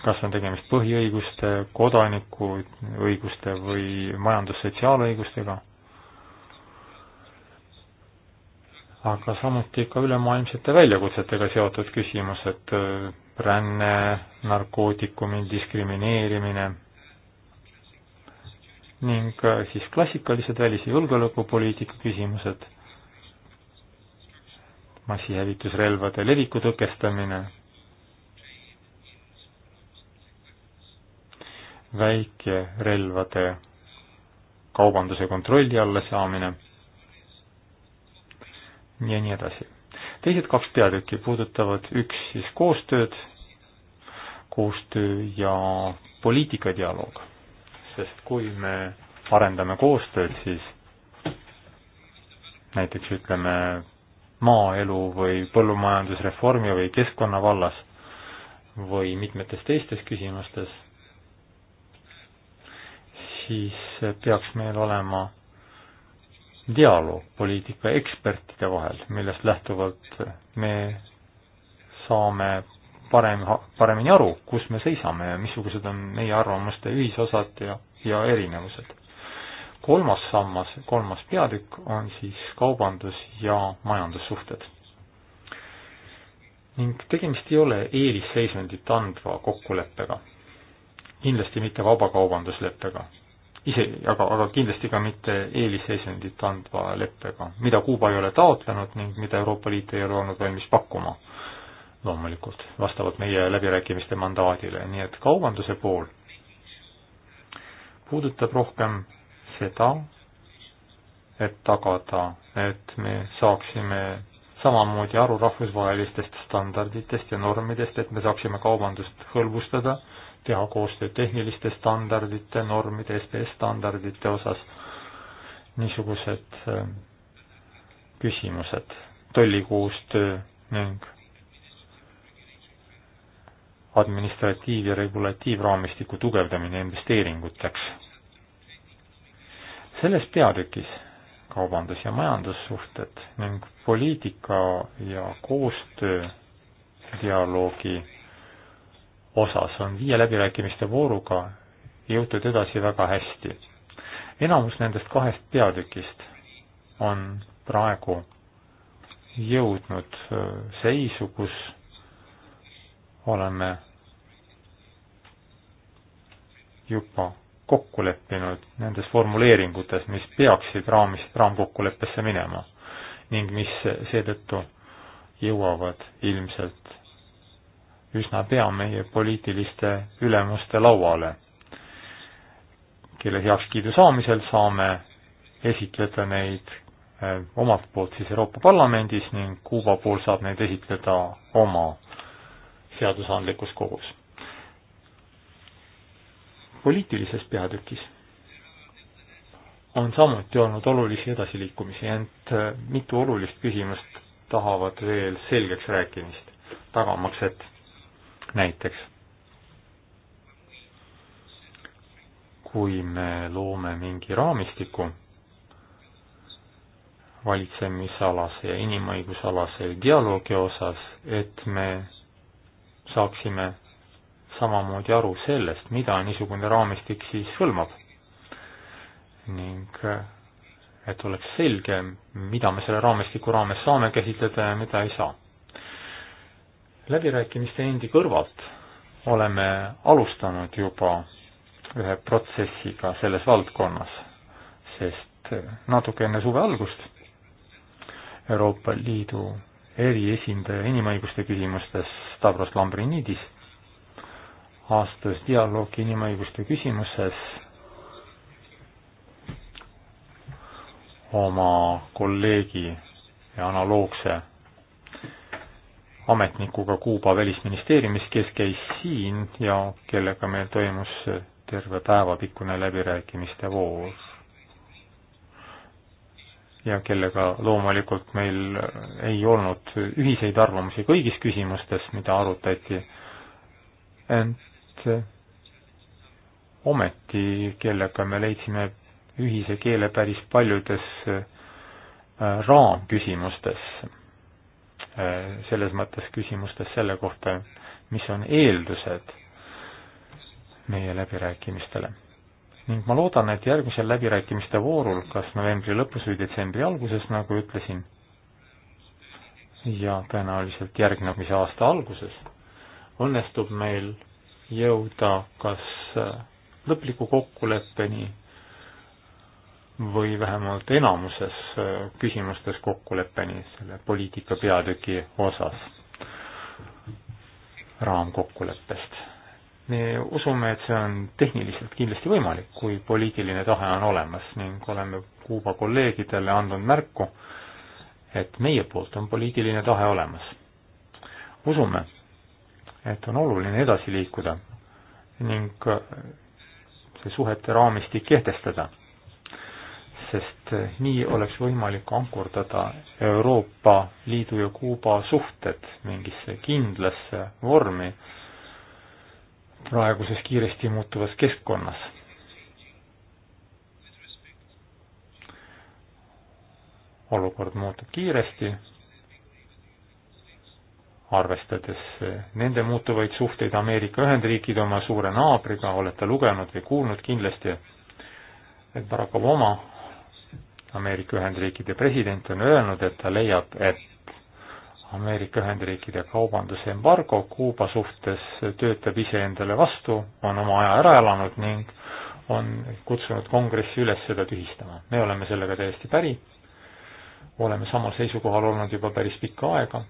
kas on tegemist põhiõiguste, kodanikuõiguste või majandussotsiaalõigustega, aga samuti ka ülemaailmsete väljakutsetega seotud küsimused, äh, ränne, narkootikumi diskrimineerimine ning äh, siis klassikalised välis- ja julgeolekupoliitika küsimused massihävitusrelvade leviku tõkestamine, väikerelvade kaubanduse kontrolli alla saamine ja nii edasi. teised kaks peatükki puudutavad üks siis koostööd, koostöö ja poliitikadialoog, sest kui me arendame koostööd, siis näiteks ütleme maaelu või põllumajandusreformi või keskkonna vallas või mitmetes teistes küsimustes, siis peaks meil olema dialoog poliitika ekspertide vahel, millest lähtuvalt me saame parem, paremini aru, kus me seisame ja missugused on meie arvamuste ühisosad ja, ja erinevused kolmas sammas, kolmas peatükk on siis kaubandus ja majandussuhted. ning tegemist ei ole eelisseisundit andva kokkuleppega. kindlasti mitte vabakaubandusleppega. ise, aga, aga kindlasti ka mitte eelisseisundit andva leppega, mida Kuuba ei ole taotlenud ning mida Euroopa Liit ei ole olnud valmis pakkuma loomulikult, vastavalt meie läbirääkimiste mandaadile, nii et kaubanduse pool puudutab rohkem seda, et tagada, et me saaksime samamoodi aru rahvusvahelistest standarditest ja normidest, et me saaksime kaubandust hõlbustada, teha koostööd tehniliste standardite, normide, SPS standardite osas, niisugused äh, küsimused, tollikoostöö ning administratiiv- ja regulatiivraamistiku tugevdamine investeeringuteks selles peatükis kaubandus- ja majandussuhted ning poliitika ja koostöö dialoogi osas on viie läbirääkimiste vooruga jõutud edasi väga hästi. enamus nendest kahest peatükist on praegu jõudnud äh, seisu, kus oleme juba kokku leppinud nendes formuleeringutes, mis peaksid raamist, raamkokkuleppesse minema ning mis seetõttu jõuavad ilmselt üsna pea meie poliitiliste ülemuste lauale, kelle heakskiidu saamisel saame esitleda neid eh, omalt poolt siis Euroopa Parlamendis ning Kuuba pool saab neid esitleda oma seadusandlikus kogus poliitilises peatükis on samuti olnud olulisi edasiliikumisi, ent äh, mitu olulist küsimust tahavad veel selgeks rääkimist, tagamaksed näiteks. kui me loome mingi raamistiku valitsemisalase ja inimõigusalase dialoogi osas, et me saaksime samamoodi aru sellest, mida niisugune raamistik siis hõlmab ning äh, et oleks selge, mida me selle raamistiku raames saame käsitleda ja mida ei saa. läbirääkimiste endi kõrvalt oleme alustanud juba ühe protsessiga selles valdkonnas, sest äh, natuke enne suve algust Euroopa Liidu eriesindaja inimõiguste küsimustes Stavros Lambrinidis aastas dialoogi inimõiguste küsimuses oma kolleegi ja analoogse ametnikuga Kuuba välisministeeriumis, kes käis siin ja kellega meil toimus terve päevapikkune läbirääkimiste voor. ja kellega loomulikult meil ei olnud ühiseid arvamusi kõigis küsimustes, mida arutati, ent ometi, kellega me leidsime ühise keele päris paljudes äh, raamküsimustes, äh, selles mõttes küsimustes selle kohta, mis on eeldused meie läbirääkimistele. ning ma loodan, et järgmisel läbirääkimiste voorul, kas novembri lõpus või detsembri alguses, nagu ütlesin, ja tõenäoliselt järgnemise aasta alguses, õnnestub meil jõuda kas äh, lõpliku kokkuleppeni või vähemalt enamuses äh, küsimustes kokkuleppeni selle poliitika peatüki osas raamkokkuleppest. me usume, et see on tehniliselt kindlasti võimalik, kui poliitiline tahe on olemas ning oleme Kuuba kolleegidele andnud märku, et meie poolt on poliitiline tahe olemas. usume, et on oluline edasi liikuda ning äh, see suhete raamistik kehtestada, sest äh, nii oleks võimalik ankurdada Euroopa Liidu ja Kuuba suhted mingisse kindlasse vormi praeguses kiiresti muutuvas keskkonnas. olukord muutub kiiresti arvestades eh, nende muutuvaid suhteid Ameerika Ühendriikide oma suure naabriga, olete lugenud või kuulnud kindlasti, et Barack Obama, Ameerika Ühendriikide president, on öelnud, et ta leiab, et Ameerika Ühendriikide kaubandusembargo Kuuba suhtes töötab iseendale vastu, on oma aja ära elanud ning on kutsunud kongressi üles seda tühistama. me oleme sellega täiesti päri, oleme samal seisukohal olnud juba päris pikka aega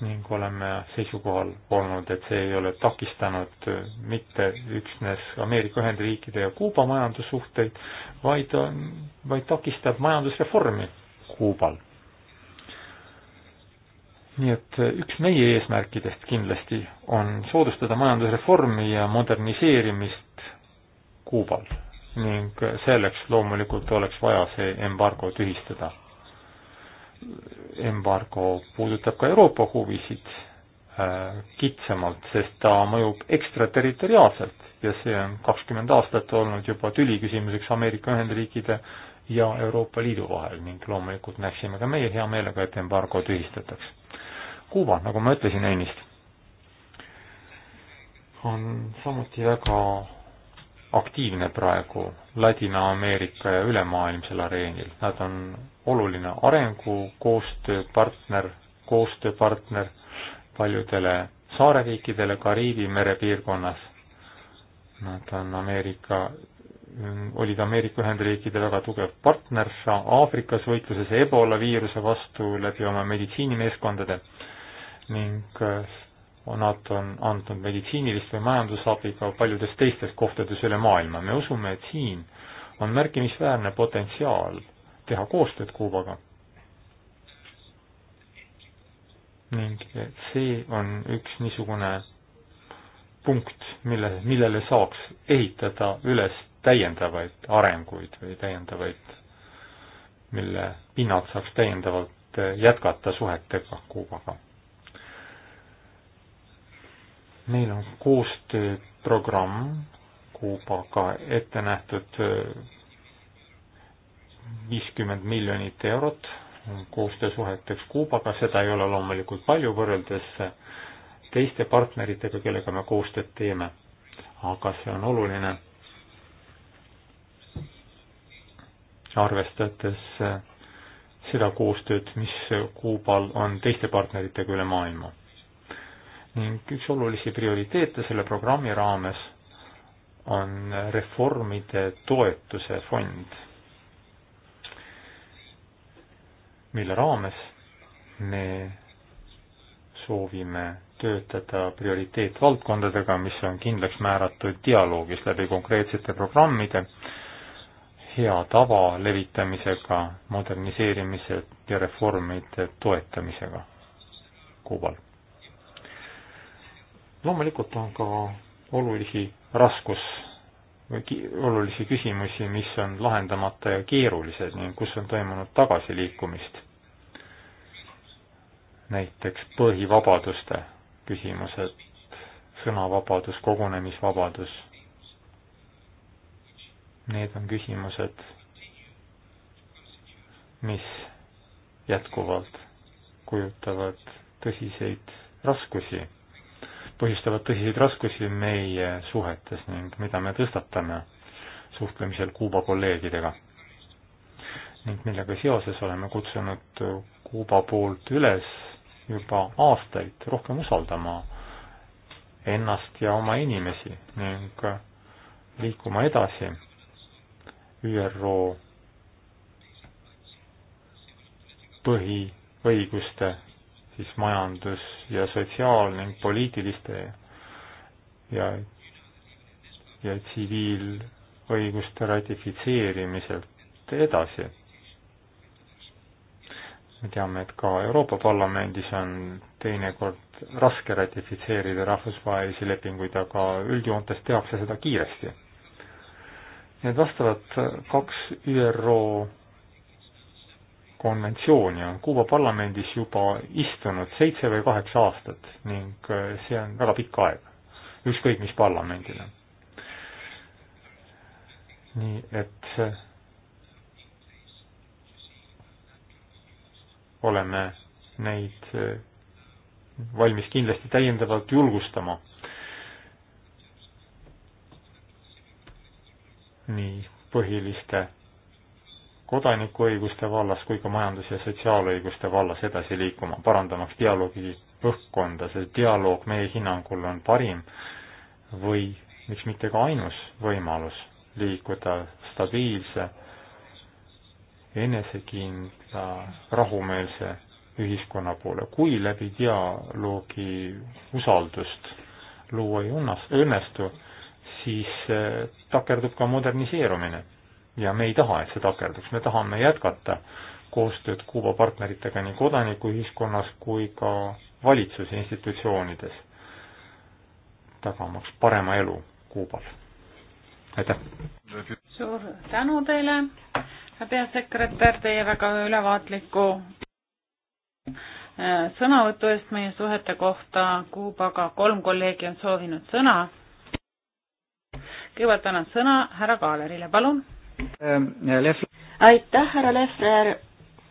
ning oleme seisukohal olnud, et see ei ole takistanud mitte üksnes Ameerika Ühendriikide ja Kuuba majandussuhteid, vaid, vaid takistab majandusreformi Kuubal. nii et üks meie eesmärkidest kindlasti on soodustada majandusreformi ja moderniseerimist Kuubal ning selleks loomulikult oleks vaja see embargo tühistada embargo puudutab ka Euroopa huvisid äh, kitsamalt, sest ta mõjub ekstraterritoriaalselt ja see on kakskümmend aastat olnud juba tüli küsimuseks Ameerika Ühendriikide ja Euroopa Liidu vahel ning loomulikult näeksime ka meie hea meelega, et embargo tühistataks. Kuuba, nagu ma ütlesin ennist, on samuti väga aktiivne praegu Ladina-Ameerika ja ülemaailmsel areenil, nad on oluline arengukoostööpartner, koostööpartner paljudele saareriikidele Kariibi mere piirkonnas. Nad on Ameerika, olid Ameerika Ühendriikide väga tugev partner Aafrikas võitluses Ebola viiruse vastu läbi oma meditsiinimeeskondade ning äh, nad on andnud meditsiinilist või majandusabi ka paljudes teistes kohtades üle maailma. me usume, et siin on märkimisväärne potentsiaal teha koostööd Kuubaga. ning see on üks niisugune punkt, mille, millele saaks ehitada üles täiendavaid arenguid või täiendavaid, mille pinnalt saaks täiendavalt jätkata suhetega Kuubaga. meil on koostööprogramm Kuubaga ette nähtud viiskümmend miljonit eurot koostöösuheteks Kuubaga, seda ei ole loomulikult palju võrreldes teiste partneritega, kellega me koostööd teeme. aga see on oluline, arvestades seda koostööd, mis Kuubal on teiste partneritega üle maailma. ning üks olulisi prioriteete selle programmi raames on reformide toetuse fond mille raames me soovime töötada prioriteetvaldkondadega, mis on kindlaks määratud dialoogis läbi konkreetsete programmide, hea tava levitamisega, moderniseerimise ja reformide toetamisega Kuubal. loomulikult on ka olulisi raskus või ki-, olulisi küsimusi, mis on lahendamata ja keerulised ning kus on toimunud tagasiliikumist näiteks põhivabaduste küsimused, sõnavabadus, kogunemisvabadus. Need on küsimused, mis jätkuvalt kujutavad tõsiseid raskusi, põhjustavad tõsiseid raskusi meie suhetes ning mida me tõstatame suhtlemisel Kuuba kolleegidega. ning millega seoses oleme kutsunud Kuuba poolt üles juba aastaid rohkem usaldama ennast ja oma inimesi ning liikuma edasi ÜRO põhiõiguste, siis majandus ja sotsiaal ning poliitiliste ja, ja tsiviilõiguste ratifitseerimiselt edasi me teame, et ka Euroopa Parlamendis on teinekord raske ratifitseerida rahvusvahelisi lepinguid, aga üldjoontes tehakse seda kiiresti. nii et vastavalt kaks ÜRO konventsiooni on Kuuba parlamendis juba istunud seitse või kaheksa aastat ning see on väga pikk aeg, ükskõik mis parlamendile. nii et oleme neid eh, valmis kindlasti täiendavalt julgustama. nii põhiliste kodanikuõiguste vallas kui ka majandus- ja sotsiaalõiguste vallas edasi liikuma, parandamaks dialoogi õhkkonda, see dialoog meie hinnangul on parim või miks mitte ka ainus võimalus liikuda stabiilse enesekindla, rahumeelse ühiskonna poole. kui läbi dialoogi usaldust luua ei õnnas-, õnnestu, siis eh, takerdub ka moderniseerumine. ja me ei taha, et see takerduks, me tahame jätkata koostööd Kuuba partneritega nii kodanikuühiskonnas kui ka valitsuse institutsioonides, tagamaks parema elu Kuubal. aitäh! suur tänu teile! peasekretär, teie väga ülevaatliku äh, sõnavõtu eest meie suhete kohta Kuubaga. kolm kolleegi on soovinud sõna. kõigepealt annan sõna härra Kaalerile, palun. aitäh, härra Lefler,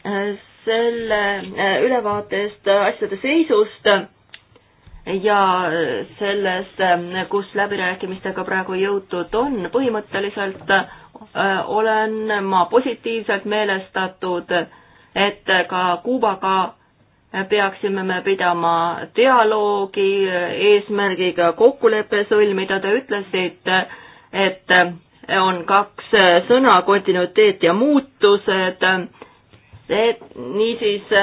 äh, selle äh, ülevaate eest asjade seisust ja sellest, kus läbirääkimistega praegu jõutud on põhimõtteliselt Äh, olen ma positiivselt meelestatud, et ka Kuubaga peaksime me pidama dialoogi eesmärgiga kokkulepe sõlmida, te ütlesite, et on kaks sõna, kontinuiteet ja muutused, niisiis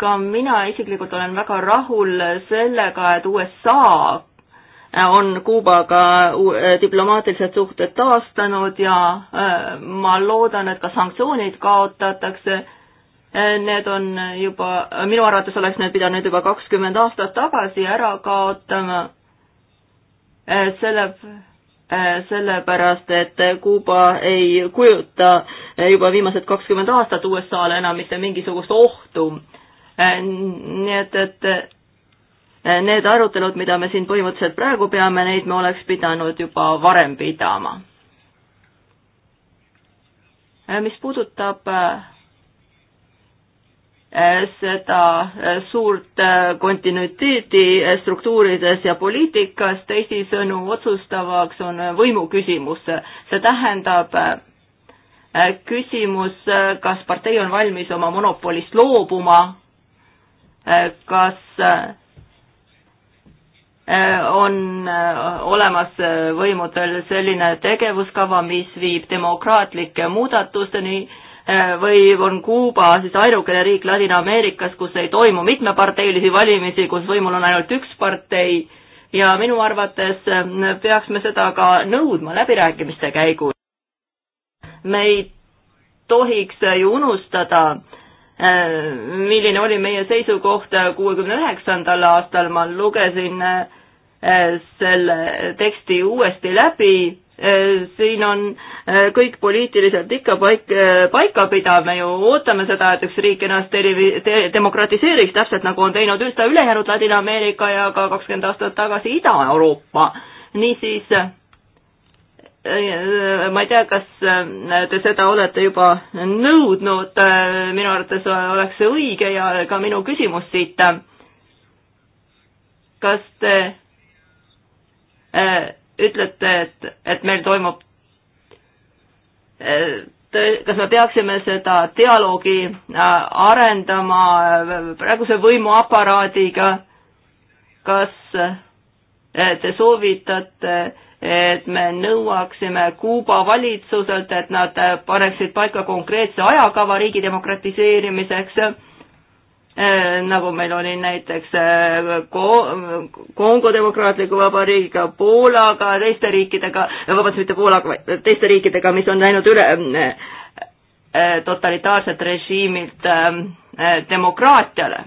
ka mina isiklikult olen väga rahul sellega, et USA on Kuubaga äh, diplomaatilised suhted taastanud ja äh, ma loodan, et ka sanktsioonid kaotatakse. Äh, need on juba, minu arvates oleks need pidanud juba kakskümmend aastat tagasi ära kaotama. selle, sellepärast, et Kuuba ei kujuta juba viimased kakskümmend aastat USA-le enam mitte mingisugust ohtu. nii et, et Eh, need arutelud, mida me siin põhimõtteliselt praegu peame, neid me oleks pidanud juba varem pidama. Eh, mis puudutab eh, seda suurt kontinuiteeti struktuurides ja poliitikas, teisisõnu otsustavaks on võimu küsimus. see tähendab küsimus, kas partei on valmis oma monopolist loobuma, kas Äh, on äh, olemas äh, võimudel selline tegevuskava, mis viib demokraatlike muudatusteni või on Kuuba siis ainukene riik Ladina-Ameerikas, kus ei toimu mitmeparteilisi valimisi, kus võimul on ainult üks partei ja minu arvates peaks me seda ka nõudma läbirääkimiste käigus. me ei tohiks ju unustada, Äh, milline oli meie seisukoht äh, kuuekümne üheksandal aastal, ma lugesin äh, selle teksti uuesti läbi, siin on kõik poliitiliselt ikka paik, paikapidav, me ju ootame seda, et üks riik ennast te demokratiseeriks, täpselt nagu on teinud üldse ülejäänud Ladina-Ameerika ja ka kakskümmend aastat tagasi Ida-Euroopa. niisiis ma ei tea, kas äh, te seda olete juba nõudnud, äh, minu arvates oleks see õige ja ka minu küsimus siit. kas te äh, ütlete, et, et meil toimub, kas me peaksime seda dialoogi arendama praeguse võimuaparaadiga, kas te soovitate äh, et me nõuaksime Kuuba valitsuselt, et nad paneksid paika konkreetse ajakava riigi demokratiseerimiseks, eh, nagu meil oli näiteks eh, Kongo Demokraatliku Vabariigiga, Poolaga, teiste riikidega, eh, vabandust, mitte Poolaga, vaid teiste riikidega, mis on läinud üle totalitaarselt režiimilt demokraatiale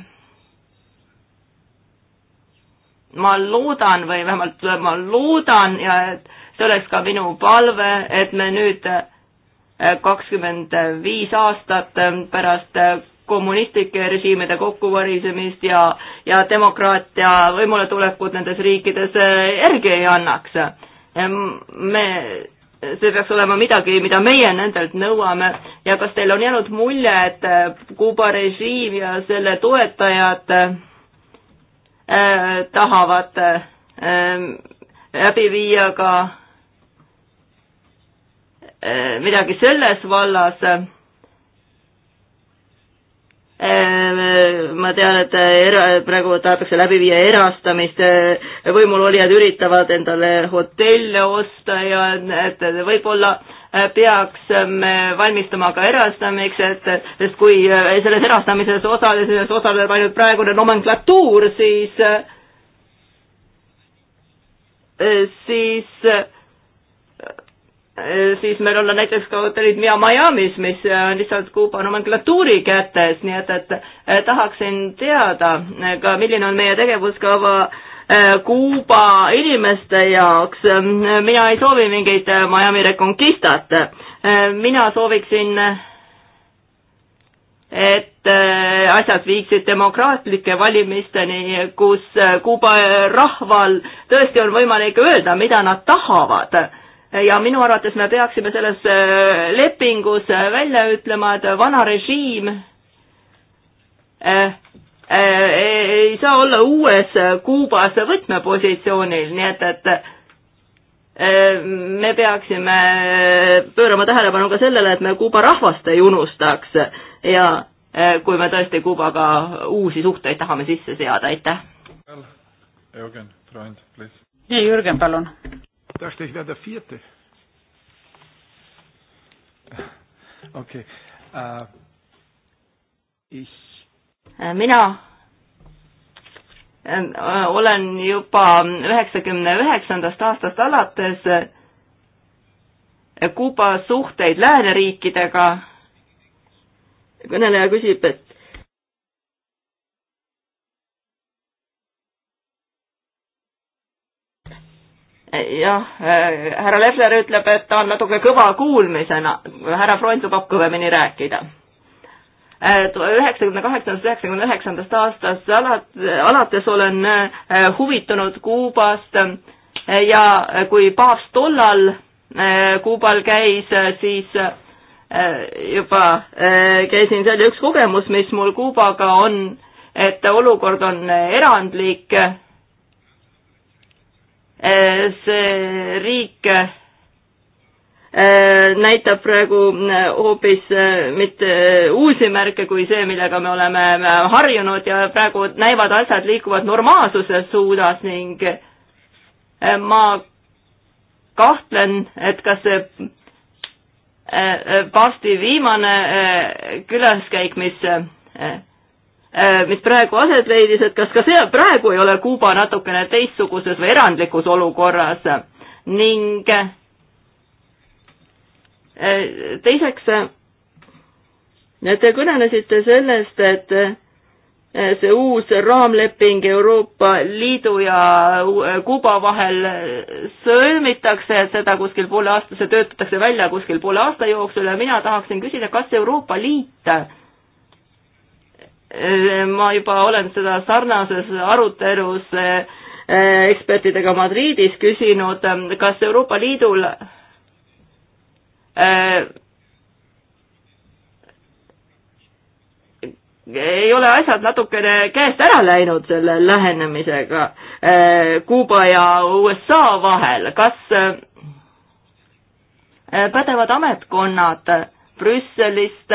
ma loodan või vähemalt ma loodan ja et see oleks ka minu palve, et me nüüd eh, kakskümmend viis aastat eh, pärast eh, kommunistlike režiimide kokkuvarisemist ja, ja demokraatia võimule tulekut nendes riikides järgi ei annaks. me, see peaks olema midagi, mida meie nendelt nõuame ja kas teil on jäänud mulje, et Kuuba režiim ja selle toetajad Äh, tahavad äh, läbi viia ka äh, midagi selles vallas. ma tean, et era-, praegu tahetakse läbi viia erastamist, võimulolijad üritavad endale hotelle osta ja et võib-olla äh, peaks me valmistuma ka erastamiseks, et, sest kui äh, selles erastamises osales, selles osaleb ainult praegune nomenklatuur, siis, äh, siis äh, siis meil on näiteks ka hotellid Mia Miami's, mis on lihtsalt Kuuba nomenklatuuri kätes, nii et, et tahaksin teada ka, milline on meie tegevuskava Äh, Kuuba inimeste jaoks. mina ei soovi mingeid äh, Miami Reconquistat. Äh, mina sooviksin, et asjad viiksid demokraatlike valimisteni, kus Kuuba rahval tõesti on võimalik öelda, mida nad tahavad ja minu arvates me peaksime selles lepingus välja ütlema, et vana režiim Äh, ei saa olla uues äh, Kuubas võtmepositsioonil, nii et, et äh, me peaksime pöörama tähelepanu ka sellele, et me Kuuba rahvast ei unustaks ja kui me tõesti Kuubaga uusi suhteid tahame sisse seada, aitäh. Jürgen, Freund, please. nii, Jürgen, palun. okei okay. uh,. Ich Äh, mina ähm, äh, olen juba üheksakümne üheksandast aastast alates äh, Kuuba suhteid lääneriikidega. kõneleja küsib, et jah, härra Lefler ütleb, et ta on natuke kõva kuulmisena, härra Freund lubab kõvemini rääkida üheksakümne kaheksandast, üheksakümne üheksandast aastast alates olen äh, huvitunud Kuubast äh, ja kui paavst tollal äh, Kuubal käis, siis juba käisin seal ja üks kogemus, mis mul Kuubaga on, et olukord on erandlik. see riik Äh, näitab praegu äh, hoopis äh, mitte uusi märke kui see, millega me oleme harjunud ja praegu näivad asjad liikuvad normaalsuse suunas ning ma kahtlen, et kas see paavsti viimane külaskäik, mis, mis praegu aset leidis, et kas ka see praegu ei ole Kuuba natukene teistsuguses või erandlikus olukorras ning teiseks, te kõnenesite sellest, et see uus raamleping Euroopa Liidu ja Kuuba vahel sõlmitakse, et seda kuskil poole aasta, see töötatakse välja kuskil poole aasta jooksul ja mina tahaksin küsida, kas Euroopa Liit ma juba olen seda sarnases arutelus eh, ekspertidega Madridis küsinud, kas Euroopa Liidul Äh, ei ole asjad natukene käest ära läinud selle lähenemisega äh, Kuuba ja USA vahel, kas äh, pädevad ametkonnad Brüsselist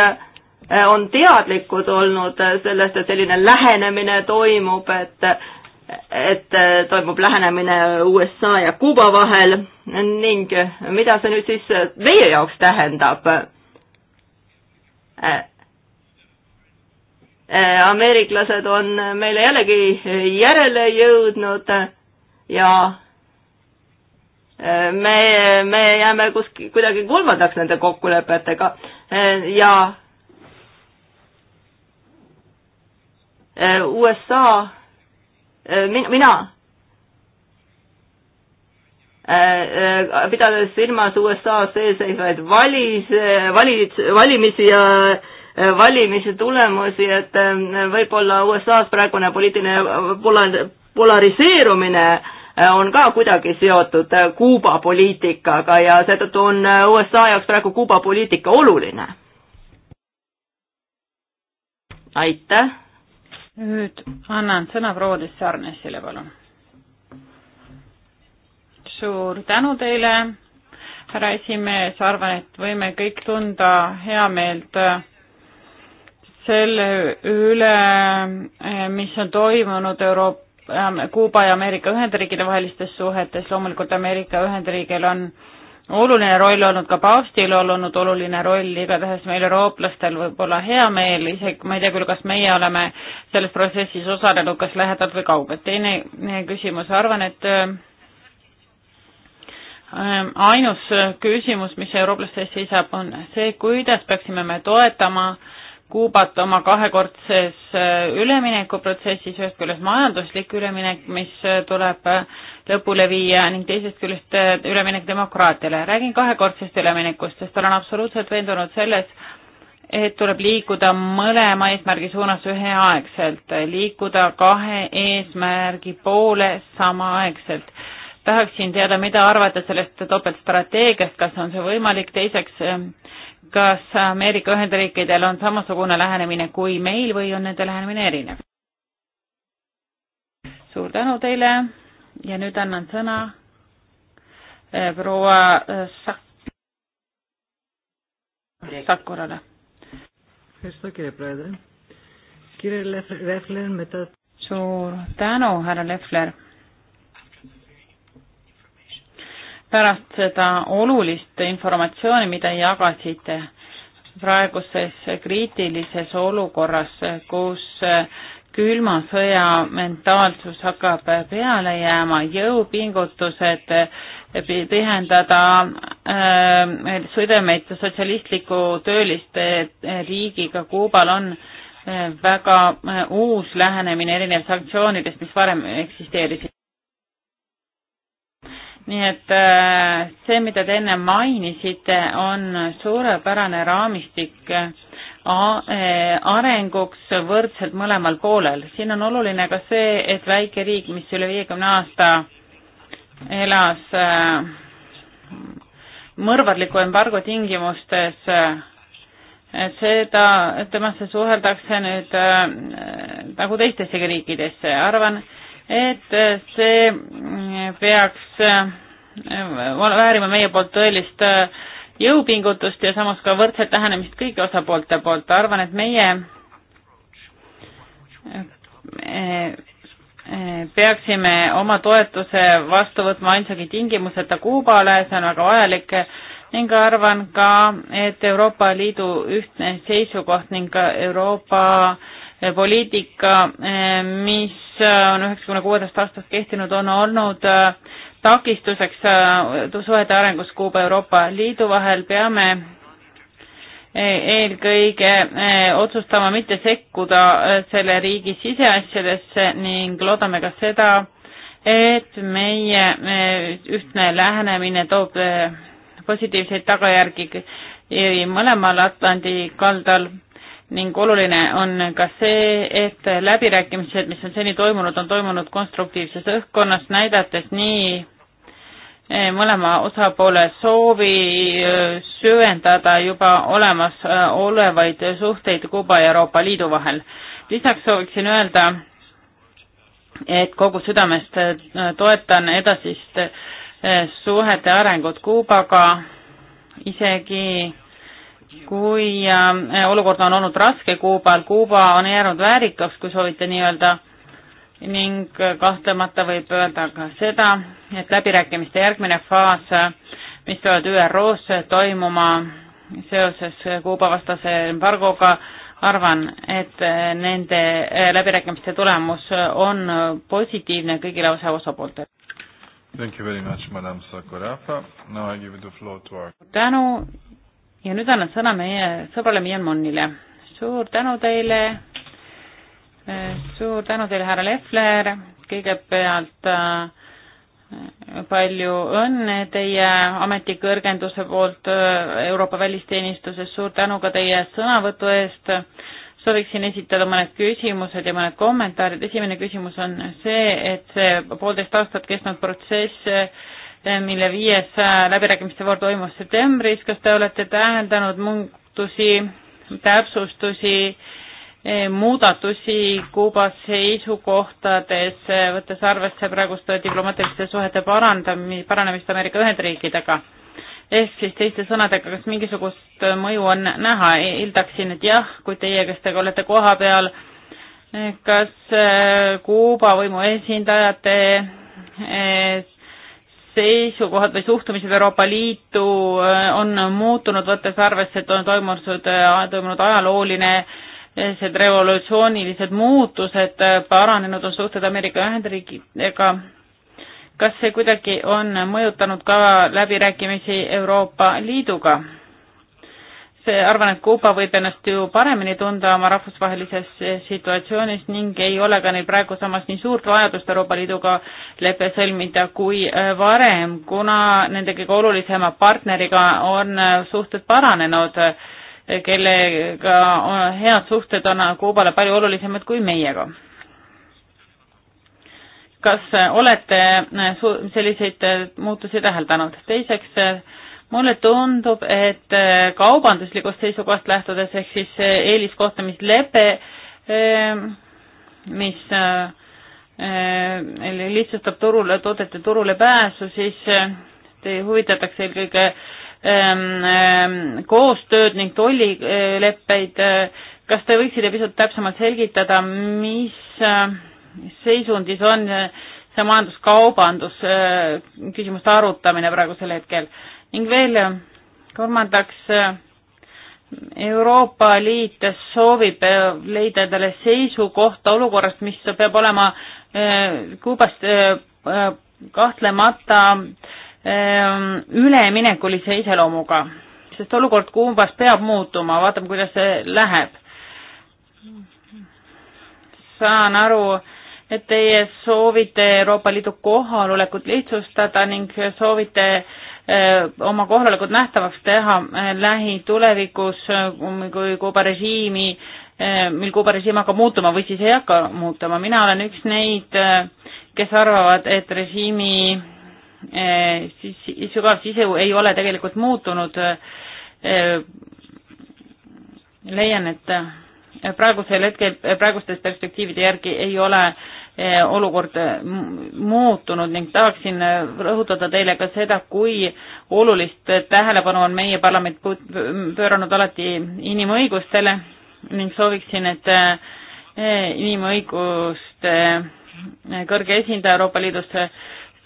on teadlikud olnud sellest, et selline lähenemine toimub, et et äh, toimub lähenemine USA ja Kuuba vahel ning mida see nüüd siis meie jaoks tähendab? Äh, äh, ameeriklased on meile jällegi järele jõudnud ja me, me jääme kuskil kuidagi kolmandaks nende kokkulepetega ja USA Äh, min-, mina äh, äh, pidades silmas USA-s eelseisvaid valis, valis, valimisi ja valimise tulemusi, et võib-olla USA-s praegune poliitiline pola-, polariseerumine on ka kuidagi seotud Kuuba poliitikaga ja seetõttu on USA jaoks praegu Kuuba poliitika oluline. aitäh nüüd annan sõna proua Dessarnesile, palun. suur tänu teile, härra esimees, arvan, et võime kõik tunda heameelt selle üle, mis on toimunud Euroopa äh, Kuuba ja Ameerika Ühendriikide vahelistes suhetes, loomulikult Ameerika Ühendriigil on äh, oluline roll olnud, ka paavstil olnud oluline roll, igatahes meil eurooplastel võib olla hea meel, isegi ma ei tea küll, kas meie oleme selles protsessis osalenud, kas lähedalt või kaugelt. teine küsimus, arvan, et ähm, ainus küsimus, mis eurooplaste ees seisab, on see, kuidas peaksime me toetama äh, Kuubat oma kahekordses äh, üleminekuprotsessis, ühest küljest majanduslik üleminek, mis äh, tuleb äh, lõpule viia ning teisest küljest üleminek demokraatiale. räägin kahekordsest üleminekust, sest olen absoluutselt veendunud selles, et tuleb liikuda mõlema eesmärgi suunas üheaegselt, liikuda kahe eesmärgi poole samaaegselt. tahaksin teada, mida arvate sellest topeltstrateegiast, kas on see võimalik, teiseks kas Ameerika Ühendriikidel on samasugune lähenemine kui meil või on nende lähenemine erinev? suur tänu teile ja nüüd annan sõna eh, proua eh, Sak-, Sakurale. suur tänu, härra Lefler pärast seda olulist informatsiooni, mida jagasite praeguses kriitilises olukorras, kus külma sõja mentaalsus hakkab peale jääma, jõupingutused tihendada äh, sõdemeid sotsialistliku tööliste riigiga Kuubal on äh, väga äh, uus lähenemine erinev sanktsioonidest, mis varem eksisteerisid nii et äh, see, mida te enne mainisite, on suurepärane raamistik äh, äh, arenguks võrdselt mõlemal poolel. siin on oluline ka see, et väike riik, mis üle viiekümne aasta elas mõrvarliku embargo tingimustes, et seda, temasse suheldakse nüüd nagu teistessegi riikidesse, arvan, et see peaks äh, väärima meie poolt tõelist äh, jõupingutust ja samas ka võrdset lähenemist kõigi osapoolte poolt. arvan, et meie äh, peaksime oma toetuse vastu võtma ainsagi tingimuseta Kuubale, see on väga vajalik ning arvan ka, et Euroopa Liidu ühtne seisukoht ning ka Euroopa äh, poliitika, eh, mis eh, on üheksakümne kuuendast aastast kehtinud, on olnud eh, takistuseks suhete arengus Kuuba Euroopa Liidu vahel, peame eelkõige otsustama mitte sekkuda selle riigi siseasjadesse ning loodame ka seda, et meie ühtne lähenemine toob positiivseid tagajärgi mõlemal Atlandi kaldal ning oluline on ka see, et läbirääkimised, mis on seni toimunud, on toimunud konstruktiivses õhkkonnas, näidates nii eh, mõlema osapoole soovi eh, süvendada juba olemasolevaid eh, suhteid Kuuba ja Euroopa Liidu vahel. lisaks sooviksin öelda, et kogu südamest toetan edasist suhete arengut Kuubaga, isegi kui äh, olukord on olnud raske Kuubal, Kuuba on jäänud väärikaks, kui soovite nii öelda, ning äh, kahtlemata võib öelda ka seda, et läbirääkimiste järgmine faas, äh, mis peavad ÜRO-s toimuma seoses Kuuba vastase embargoga, arvan, et nende läbirääkimiste tulemus on positiivne kõigile osa osapooltele. Thank you very much, madam Sakurafa. Now I give the floor to our tänu ja nüüd annan sõna meie sõbrale Mian Monnile. suur tänu teile, eh, suur tänu teile, härra Lefler, kõigepealt eh, palju õnne teie ametikõrgenduse poolt eh, Euroopa välisteenistuses, suur tänu ka teie sõnavõtu eest, sooviksin esitada mõned küsimused ja mõned kommentaarid, esimene küsimus on see, et see poolteist aastat kestnud protsess Eh, mille viies eh, läbirääkimiste voor toimus septembris, kas te olete tähendanud muutusi, täpsustusi, eh, muudatusi Kuuba seisukohtades, võttes arvesse praeguste diplomaatiliste suhete parandami-, paranemist Ameerika Ühendriikidega? ehk siis teiste sõnadega, kas mingisugust mõju on näha, eeldaksin, et jah, kui teie, kes te olete koha peal, kas Kuuba võimu esindajate seisukohad või suhtumised Euroopa Liitu äh, on muutunud, võttes arvesse, et on toimunud, äh, toimunud ajalooline sellised äh, revolutsioonilised muutused, paranenud on suhted Ameerika Ühendriikidega. kas see kuidagi on mõjutanud ka läbirääkimisi Euroopa Liiduga? see, arvan, et Kuuba võib ennast ju paremini tunda oma rahvusvahelises situatsioonis ning ei ole ka neil praegu samas nii suurt vajadust Euroopa Liiduga lepe sõlmida kui äh, varem, kuna nende kõige olulisema partneriga on äh, suhted paranenud, äh, kellega head suhted on Kuubale palju olulisemad kui meiega. kas olete selliseid muutusi täheldanud? teiseks mulle tundub, et äh, kaubanduslikust seisukohast lähtudes ehk siis äh, eeliskohtlemislepe, ähm, mis äh, lihtsustab turule, toodete turule pääsu, siis huvitatakse eelkõige ähm, ähm, koostööd ning tollileppeid. kas te võiksite pisut täpsemalt selgitada, mis seisundis on see majanduskaubandus küsimuste arutamine praegusel hetkel? ning veel äh, kolmandaks, äh, Euroopa Liit soovib äh, leida endale seisukohta olukorrast, mis peab olema Kuubast kahtlemata üleminekulise iseloomuga, sest olukord Kuubas peab muutuma, vaatame, kuidas see läheb. saan aru, et teie soovite Euroopa Liidu kohalolekut lihtsustada ning soovite äh, Äh, oma kohalolekut nähtavaks teha äh, lähitulevikus, äh, kui Kuuba režiimi, mil Kuuba režiim hakkab muutuma või siis ei hakka muutuma. mina olen üks neid, kes arvavad, et režiimi siis sügav sisu ei ole tegelikult muutunud. leian, et praegusel hetkel, praeguste perspektiivide järgi ei ole äh, Eh, olukord eh, muutunud ning tahaksin eh, rõhutada teile ka seda, kui olulist tähelepanu on meie parlament pööranud alati inimõigustele ning sooviksin, et inimõiguste kõrge esindaja Euroopa Liidus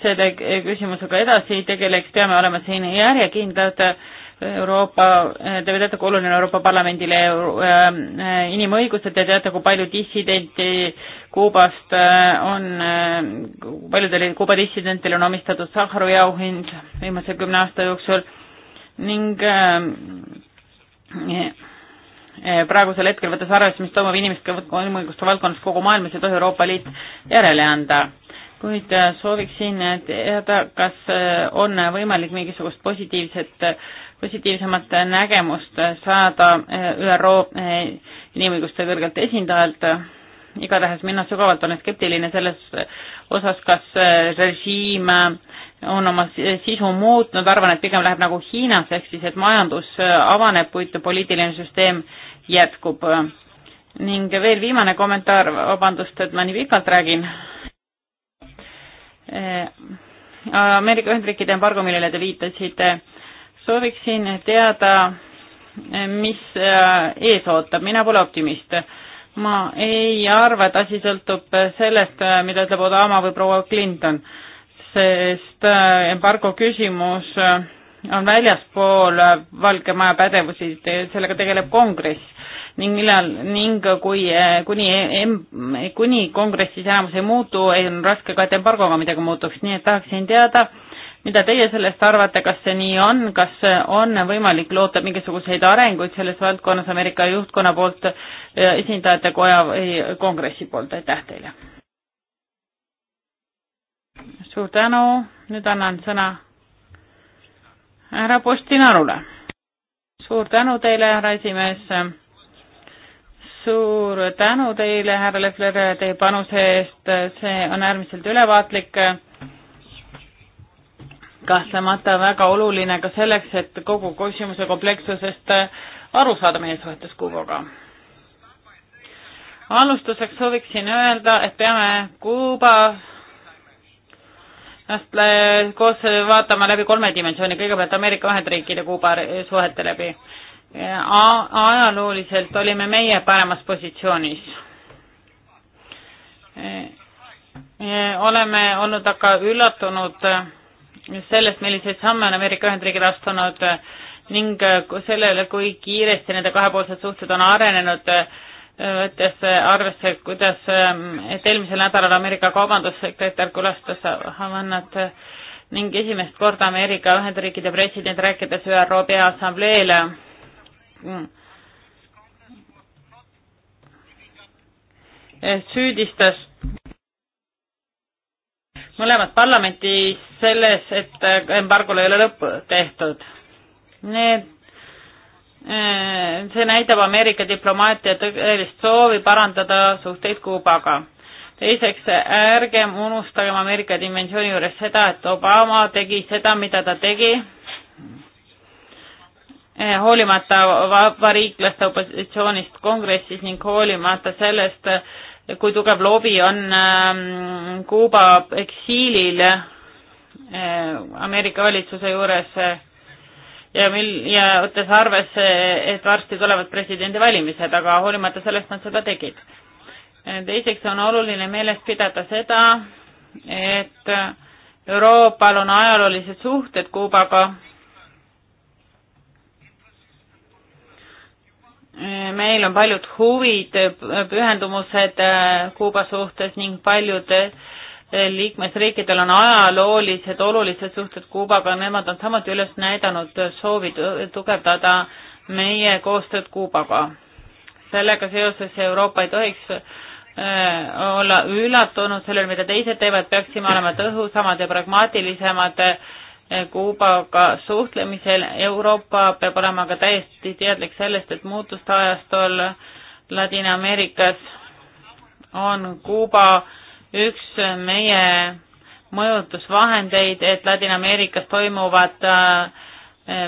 selle küsimusega edasi tegeleks, peame olema siin järjekindlad Euroopa, te teate, kui oluline Euroopa Parlamendile äh, inimõigused, te teate, kui palju dissidenti Kuubast äh, on, äh, paljudele Kuuba dissidentidele on omistatud Sahharovi auhind viimase kümne aasta jooksul ning praegusel hetkel, võttes arvesse, mis toimub inimeste inimõiguste valdkonnas kogu maailmas, ei tohi Euroopa Liit järele anda kuid sooviksin teada, kas on võimalik mingisugust positiivset positiivsemat nägemust saada eh, ÜRO eh, inimõiguste kõrgelt esindajalt. igatahes mina sügavalt olen skeptiline selles osas, kas eh, režiim on oma sisu muutnud, arvan, et pigem läheb nagu Hiinas, ehk siis, et majandus avaneb, kuid poliitiline süsteem jätkub. ning veel viimane kommentaar, vabandust, et ma nii pikalt räägin. Ameerika Ühendriikide embargo, millele te viitasite sooviksin teada, mis äh, ees ootab, mina pole optimist. ma ei arva, et asi sõltub sellest, äh, mida ütleb Obama või proua Clinton, sest äh, embargo küsimus on väljaspool Valge Maja pädevusi, sellega tegeleb kongress ning millal ning kui, kuni, kuni kongressis enamus ei muutu, on raske ka, et embargoga midagi muutuks, nii et tahaksin teada, mida teie sellest arvate, kas see nii on, kas on võimalik loota mingisuguseid arenguid selles valdkonnas Ameerika juhtkonna poolt, eh, esindajate koja või kongressi poolt, aitäh teile! suur tänu, nüüd annan sõna härra Postinarule. suur tänu teile, härra esimees, suur tänu teile, härra Lefler, teie panuse eest, see on äärmiselt ülevaatlik kahtlemata väga oluline ka selleks, et kogu küsimuse komplekssusest äh, aru saada meie suhetes Kuubaga. alustuseks sooviksin öelda, et peame Kuuba ennast koos vaatama läbi kolme dimensiooni, kõigepealt Ameerika Ühendriikide Kuuba suhete läbi. ajalooliselt olime meie paremas positsioonis. oleme olnud aga üllatunud äh, sellest, milliseid samme on Ameerika Ühendriigid astunud ning äh, sellele, kui kiiresti nende kahepoolsed suhted on arenenud, äh, võttes arvesse, kuidas, ähm, et eelmisel nädalal Ameerika kaubandussekretär külastas Havannat äh, ning esimest korda Ameerika Ühendriikide president rääkides ÜRO Peaassambleele mm, süüdistas mõlemad parlamenti selles, et äh, embargole ei ole lõpp tehtud. Need, äh, see näitab Ameerika diplomaatia tõelist soovi parandada suhteid Kuubaga. teiseks, ärgem unustagem Ameerika dimensiooni juures seda, et Obama tegi seda, mida ta tegi, äh, hoolimata vabariiklaste opositsioonist kongressis ning hoolimata sellest, kui tugev lobi on ähm, Kuuba eksiilil äh, Ameerika valitsuse juures äh, ja mil- ja võttes arvesse, et varsti tulevad presidendivalimised, aga hoolimata sellest nad seda tegid. Äh, teiseks on oluline meeles pidada seda, et Euroopal on ajaloolised suhted Kuubaga meil on paljud huvid, pühendumused äh, Kuuba suhtes ning paljud äh, liikmesriikidel on ajaloolised olulised suhted Kuubaga, nemad on samuti üles näidanud soovi tugevdada meie koostööd Kuubaga. sellega seoses Euroopa ei tohiks äh, olla üllatunud sellele, mida teised teevad, peaksime olema tõhusamad ja pragmaatilisemad äh, Kuubaga suhtlemisel. Euroopa peab olema ka täiesti teadlik sellest, et muutuste ajastul Ladina-Ameerikas on Kuuba üks meie mõjutusvahendeid, et Ladina-Ameerikas toimuvat äh,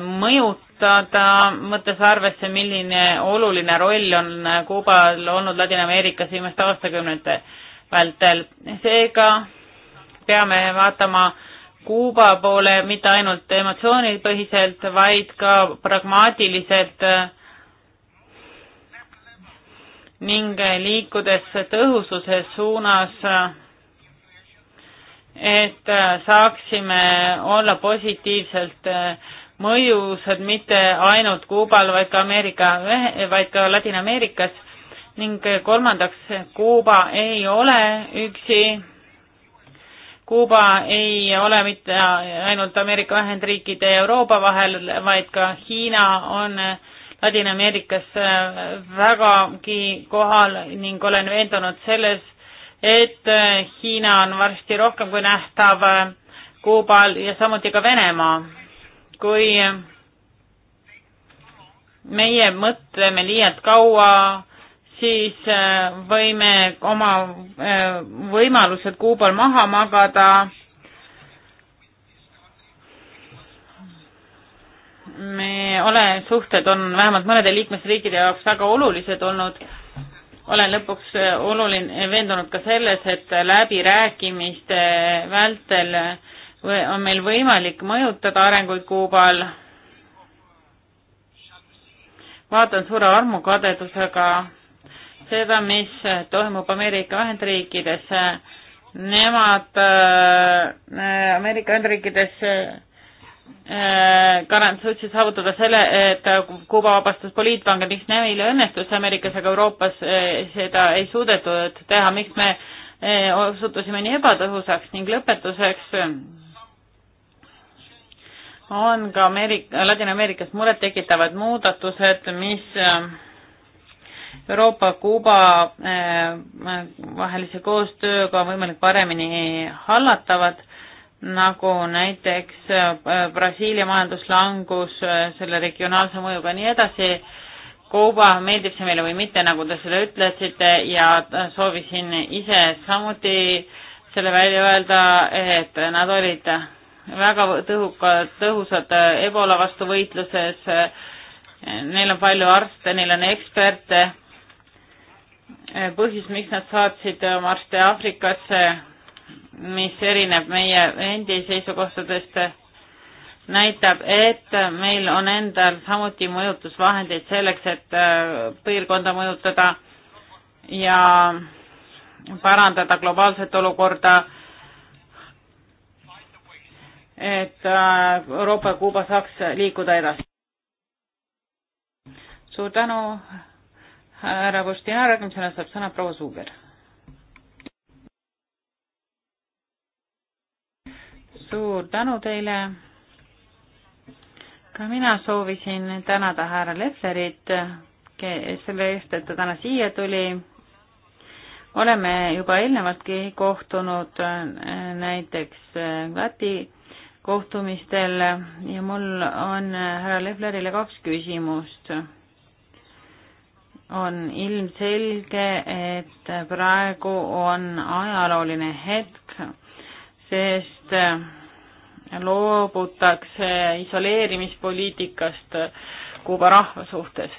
mõjutada, võttes arvesse, milline oluline roll on Kuubal olnud Ladina-Ameerikas viimaste aastakümnete vältel. seega peame vaatama äh, Kuuba poole mitte ainult emotsioonipõhiselt, vaid ka pragmaatiliselt äh, ning liikudes tõhususe suunas, et äh, saaksime olla positiivselt äh, mõjusad mitte ainult Kuubal, vaid ka Ameerika, vaid ka Ladina-Ameerikas ning kolmandaks, Kuuba ei ole üksi Kuuba ei ole mitte ainult Ameerika Ühendriikide ja Euroopa vahel, vaid ka Hiina on Ladina-Ameerikas vägagi kohal ning olen veendunud selles, et Hiina on varsti rohkem kui nähtav Kuubal ja samuti ka Venemaa. kui meie mõtleme liialt kaua siis äh, võime oma äh, võimalused Kuubal maha magada. me ole, suhted on vähemalt mõnede liikmesriikide jaoks väga olulised olnud. olen lõpuks äh, oluline, veendunud ka selles, et läbirääkimiste vältel on meil võimalik mõjutada arenguid Kuubal. vaatan suure armukadedusega seda, mis toimub Ameerika Ühendriikides. Nemad äh, Ameerika Ühendriikides Garant äh, suutsid saavutada selle, et Kuuba vabastas poliitvange, miks neile õnnestus Ameerikas, aga Euroopas äh, seda ei suudetud teha, miks me äh, osutusime nii ebatõhusaks ning lõpetuseks on ka Ameerika, Ladina-Ameerikas murettekitavad muudatused, mis äh, Euroopa-Kuuba eh, vahelise koostööga on võimalik paremini hallatavad, nagu näiteks eh, Brasiilia majanduslangus, eh, selle regionaalse mõjuga ja nii edasi. Kuuba, meeldib see meile või mitte, nagu te seda ütlesite ja soovisin ise samuti selle välja öelda, et nad olid väga tõhukad, tõhusad Ebola vastu võitluses. Neil on palju arste, neil on eksperte põhjus, miks nad saatsid oma arste Aafrikasse, mis erineb meie endi seisukohtadest, näitab, et meil on endal samuti mõjutusvahendeid selleks, et äh, piirkonda mõjutada ja parandada globaalset olukorda, et äh, Euroopa ja Kuuba saaks liikuda edasi. suur tänu härra Postjana, järgmisena saab sõna proua Suuber. suur tänu teile. ka mina soovisin tänada härra Leflerit selle eest, et ta täna siia tuli. oleme juba eelnevaltki kohtunud näiteks Läti kohtumistel ja mul on härra Leflerile kaks küsimust on ilmselge, et praegu on ajalooline hetk, sest loobutakse isoleerimispoliitikast Kuuba rahva suhtes.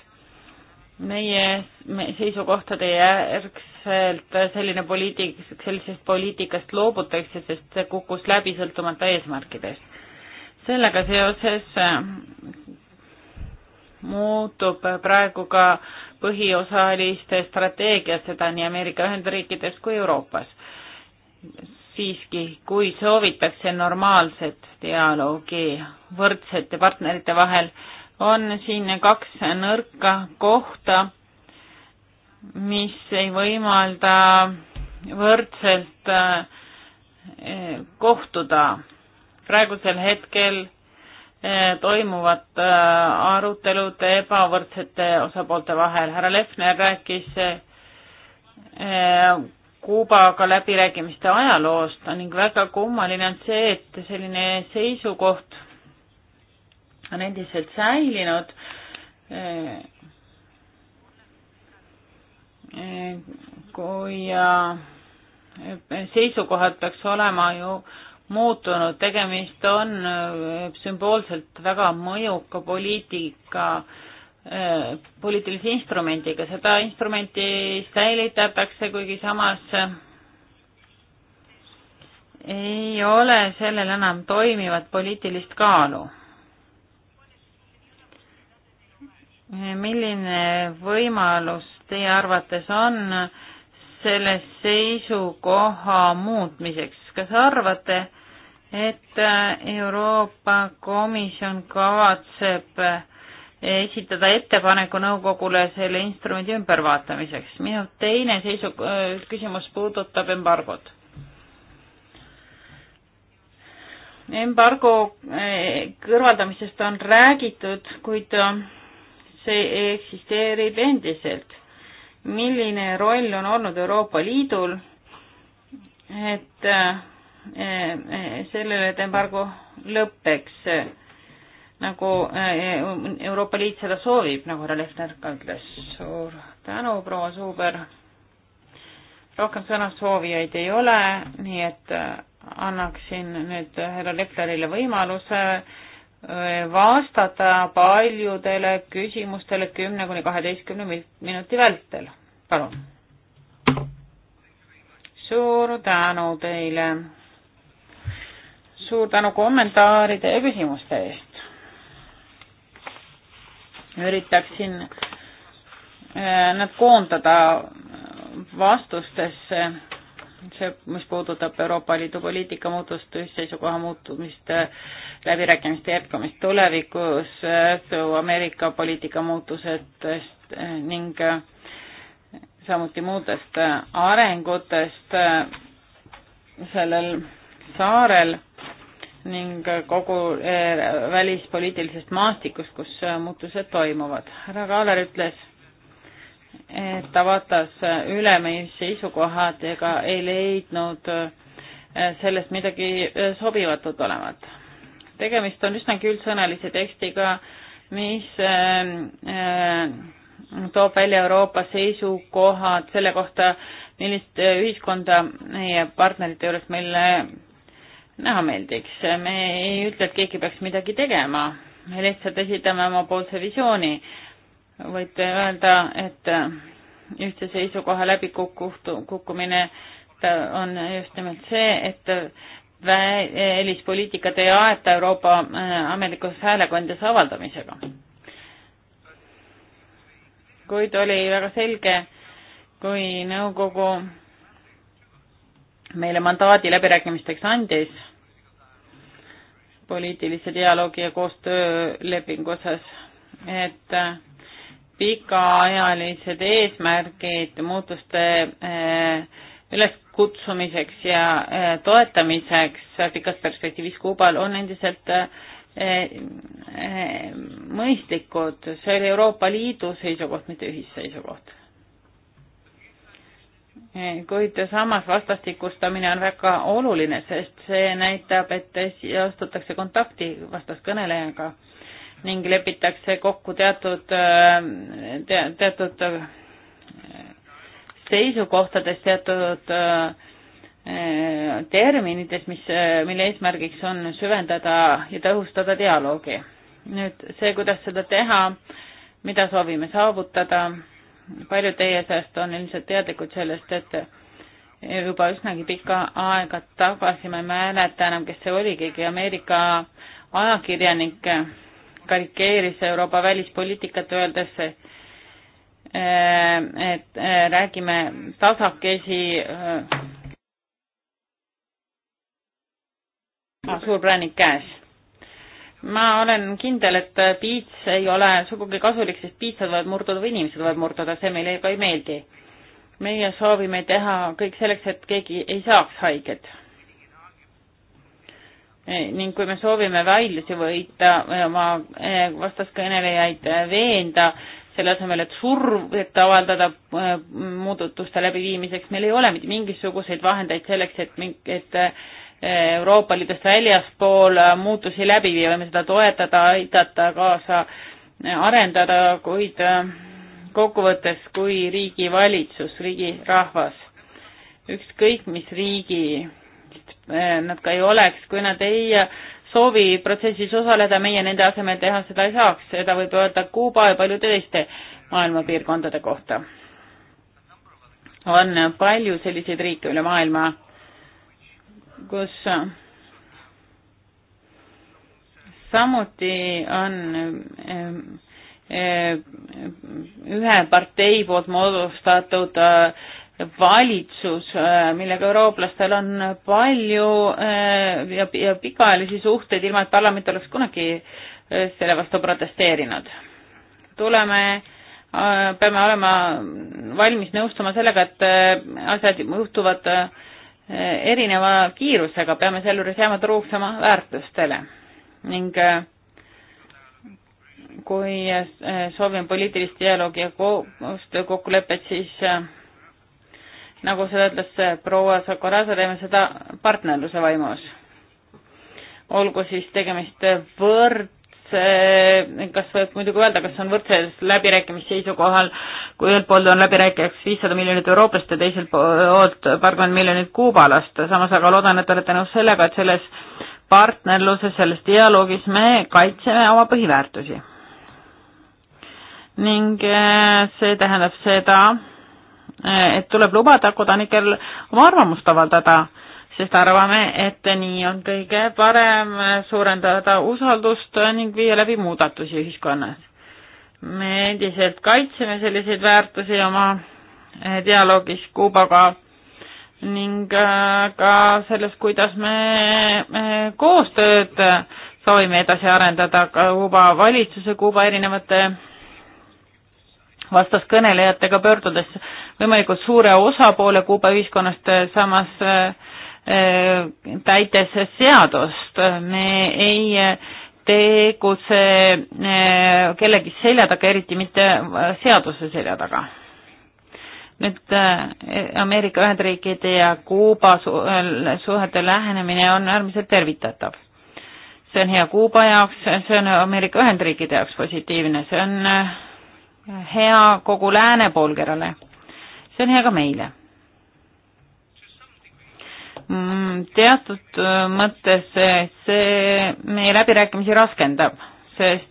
meie me seisukohtade järgselt selline poliitik, sellisest poliitikast loobutakse, sest see kukkus läbi sõltumata eesmärkidest. sellega seoses muutub praegu ka äh, põhiosaliste strateegiat, seda nii Ameerika Ühendriikides kui Euroopas. siiski, kui soovitakse normaalset dialoogi võrdsete partnerite vahel, on siin kaks nõrka kohta, mis ei võimalda võrdselt eh, kohtuda. praegusel hetkel Eh, toimuvad eh, arutelud ebavõrdsete osapoolte vahel. härra Lehtner rääkis eh, Kuubaga läbirääkimiste ajaloost ning väga kummaline on see, et selline seisukoht on endiselt säilinud. kui seisukohad peaks olema ju äh, muutunud, tegemist on äh, sümboolselt väga mõjuka poliitika, äh, poliitilise instrumendiga, seda instrumenti säilitatakse, kuigi samas äh, ei ole sellel enam toimivat poliitilist kaalu. milline võimalus teie arvates on selle seisukoha muutmiseks, kas arvate, et äh, Euroopa Komisjon kavatseb äh, esitada ettepaneku nõukogule selle instrumendi ümbervaatamiseks. minu teine seisu-, äh, küsimus puudutab embargot. embargo kõrvaldamisest on räägitud, kuid see eksisteerib endiselt. milline roll on olnud Euroopa Liidul, et sellele, et embargo lõpeks, nagu eh, Euroopa Liit seda soovib, nagu härra Lehtner ka ütles. suur tänu, proua Suuber. rohkem sõnasoovijaid ei ole, nii et eh, annaksin nüüd härra Lehtnerile võimaluse eh, vastata paljudele küsimustele kümne kuni kaheteistkümne minuti vältel. palun. suur tänu teile suur tänu kommentaaride ja küsimuste eest. üritaksin äh, nad koondada vastustesse, see, mis puudutab Euroopa Liidu poliitika muutust, ühisseisukoha muutumist, läbirääkimiste jätkumist tulevikus, äh, Ameerika poliitika muutusetest äh, ning samuti muudest arengutest sellel saarel ning kogu eh, välispoliitilisest maastikust, kus eh, muutused toimuvad. härra Kaaler ütles, et ta vaatas eh, üle meie seisukohad ega ei leidnud sellest midagi sobivatut olevat. tegemist on üsnagi üldsõnalise tekstiga, mis toob välja Euroopa seisukohad selle kohta, millist ühiskonda meie partnerite juures meile näha meeldiks. me ei ütle, et keegi peaks midagi tegema, me lihtsalt esitame omapoolse visiooni. võite öelda, et äh, ühtse seisukoha läbikukkumine on just nimelt see, et äh, välispoliitikat ei aeta Euroopa äh, ametlikus häälekandjas avaldamisega. kuid oli väga selge, kui nõukogu meile mandaadi läbirääkimisteks andis poliitilise dialoogi ja koostöölepingu osas, et äh, pikaajalised eesmärgid muutuste äh, üleskutsumiseks ja äh, toetamiseks pikas perspektiivis Kuubal on endiselt mõistlikud, see oli Euroopa Liidu seisukoht, mitte ühisseisukoht kuid samas vastastikustamine on väga oluline, sest see näitab, et astutakse kontakti vastaskõnelejaga ning lepitakse kokku teatud te,, teatud seisukohtades, teatud terminites, mis, mille eesmärgiks on süvendada ja tõhustada dialoogi. nüüd see, kuidas seda teha, mida soovime saavutada paljud teie seast on ilmselt teadlikud sellest, et juba üsnagi pikka aega tagasi, ma ei mäleta enam, kes see oli, keegi Ameerika ajakirjanik karikeeris Euroopa välispoliitikat, öeldes, et räägime tasakesi äh, suurpräänik käes ma olen kindel, et piits ei ole sugugi kasulik, sest piitsad võivad murduda või inimesed võivad murduda, see meile juba ei meeldi. meie soovime teha kõik selleks, et keegi ei saaks haiget. E, ning kui me soovime vaidlusi võita, oma e, vastaskõnelejaid veenda, selle asemel, et survet avaldada e, muudatuste läbiviimiseks, meil ei ole mitte mingisuguseid vahendeid selleks, et, et Euroopa Liidust väljaspool muutusi läbi viia, võime seda toetada, aidata kaasa, arendada, kuid äh, kokkuvõttes kui riigivalitsus, riigi rahvas, ükskõik mis riigi äh, nad ka ei oleks, kui nad ei soovi protsessis osaleda, meie nende asemel teha seda ei saaks, seda võib öelda Kuuba ja paljude teiste maailma piirkondade kohta. on palju selliseid riike üle maailma kus samuti on ehm, ehm, ühe partei poolt moodustatud eh, valitsus, eh, millega eurooplastel on palju eh, ja, ja pikaajalisi suhteid, ilma et parlament oleks kunagi selle vastu protesteerinud. tuleme, peame olema valmis nõustuma sellega, et asjad juhtuvad äh, erineva kiirusega, peame sealjuures jääma truuks oma väärtustele ning äh, kui äh, soovime poliitilist dialoogi ja koostöö kokkulepet, siis äh, nagu seda ütles proua Sakuraza, teeme seda partnerluse vaimus. olgu siis tegemist võrd-, see, kas võib muidugi öelda, kas on võrdses läbirääkimis seisukohal, kui ühelt poolt on läbirääkijaks viissada miljonit eurooplast ja teiselt poolt paarkümmend miljonit kuubalast, samas aga loodan, et olete nõus sellega, et selles partnerluses, selles dialoogis me kaitseme oma põhiväärtusi. ning äh, see tähendab seda, äh, et tuleb lubada kodanikel oma arvamust avaldada sest arvame, et nii on kõige parem suurendada usaldust ning viia läbi muudatusi ühiskonnas. me endiselt kaitseme selliseid väärtusi oma eh, dialoogis Kuubaga ning eh, ka selles, kuidas me eh, koostööd soovime edasi arendada Kuuba valitsuse, Kuuba erinevate vastaskõnelejatega, pöördudes võimalikult suure osapoole Kuuba ühiskonnast, samas äh, täites seadust, me ei tegutse eh, kellegi selja taga, eriti mitte seaduse selja taga. nüüd eh, Ameerika Ühendriikide ja Kuuba eh, suhete lähenemine on äärmiselt tervitatav. see on hea Kuuba jaoks, see on Ameerika Ühendriikide jaoks positiivne, see on hea kogu lääne poolkerale, see on hea ka meile Mm, teatud äh, mõttes see meie läbirääkimisi raskendab, sest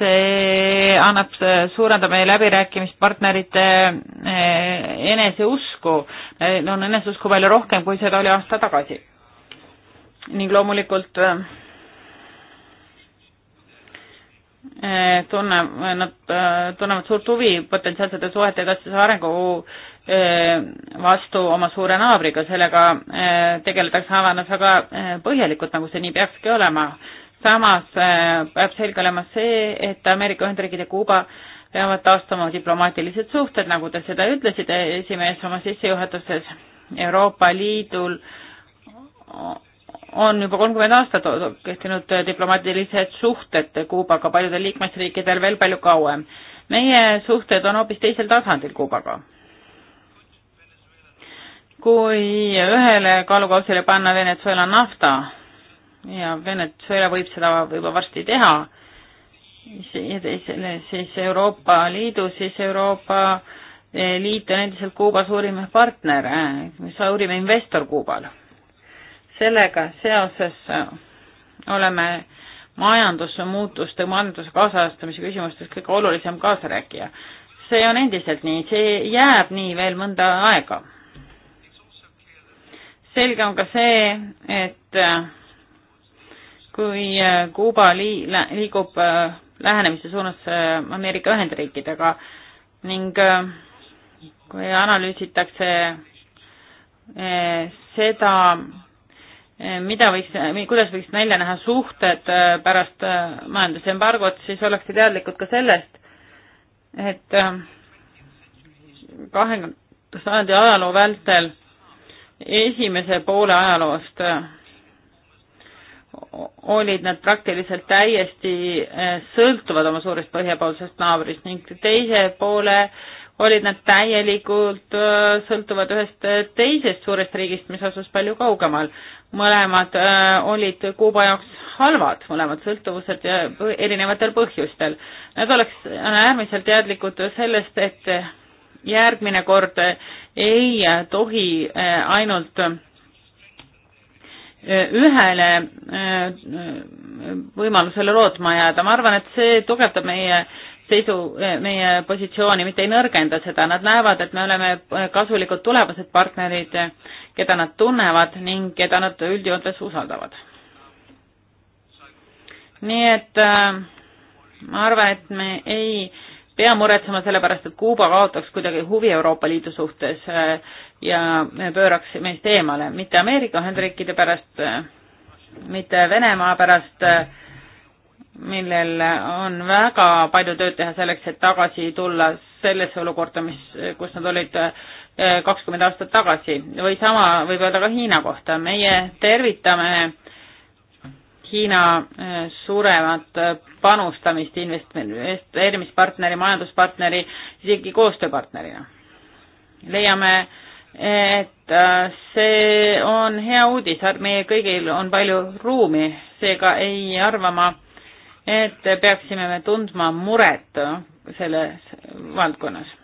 see annab, suurendab meie läbirääkimispartnerite äh, eneseusku, neil on eneseusku palju rohkem, kui seda oli aasta tagasi. ning loomulikult äh, tunne, nad tunnevad suurt huvi potentsiaalsete suhete edasise arengu vastu oma suure naabriga, sellega tegeletakse Havanas väga põhjalikult, nagu see nii peakski olema. samas peab selge olema see, et Ameerika Ühendriigid ja Kuuba peavad taastama diplomaatilised suhted, nagu te seda ütlesite, esimees oma sissejuhatuses. Euroopa Liidul on juba kolmkümmend aastat kehtinud diplomaatilised suhted Kuubaga, paljudel liikmesriikidel veel palju kauem. meie suhted on hoopis teisel tasandil Kuubaga kui ühele kaalukausile panna Venezuela nafta ja Venezuela võib seda juba varsti teha, siis Euroopa Liidu, siis Euroopa Liit on endiselt Kuuba suurim partner, suurim investor Kuubal. sellega seoses oleme majandusmuutuste, majanduse kaasajastamise küsimustes kõige olulisem kaasarääkija. see on endiselt nii, see jääb nii veel mõnda aega selge on ka see, et äh, kui äh, Kuuba lii-, liigub äh, lähenemise suunas Ameerika Ühendriikidega ning kui analüüsitakse seda, mida võiks, kuidas võiks välja näha suhted pärast majandusembargot, siis ollakse teadlikud ka sellest, et kahekümnenda sajandi ajaloo vältel esimese poole ajaloost olid nad praktiliselt täiesti eh, sõltuvad oma suurest põhjapoolsest naabrist ning teise poole olid nad täielikult eh, sõltuvad ühest eh, teisest suurest riigist, mis asus palju kaugemal. mõlemad olid Kuuba jaoks halvad, mõlemad sõltuvused ja erinevatel põhjustel. Nad oleks äärmiselt teadlikud sellest, et järgmine kord ei tohi äh, ainult äh, ühele äh, võimalusele lootma jääda, ma arvan, et see tugevdab meie seisu, meie positsiooni, mitte ei nõrgenda seda, nad näevad, et me oleme kasulikud tulevased partnerid, keda nad tunnevad ning keda nad üldjoontes usaldavad. nii et ma arvan, et me ei pea muretsema selle pärast, et Kuuba kaotaks kuidagi huvi Euroopa Liidu suhtes äh, ja pööraks meist eemale, mitte Ameerika Ühendriikide pärast, äh, mitte Venemaa pärast, äh, millel on väga palju tööd teha selleks, et tagasi tulla sellesse olukorda, mis, kus nad olid kakskümmend aastat tagasi või sama võib öelda ka Hiina kohta, meie tervitame Hiina eh, suuremat eh, panustamist investeerimispartneri, majanduspartneri, isegi koostööpartnerina. leiame, et eh, see on hea uudis, meie kõigil on palju ruumi, seega ei arva ma, et peaksime me tundma muret selles valdkonnas.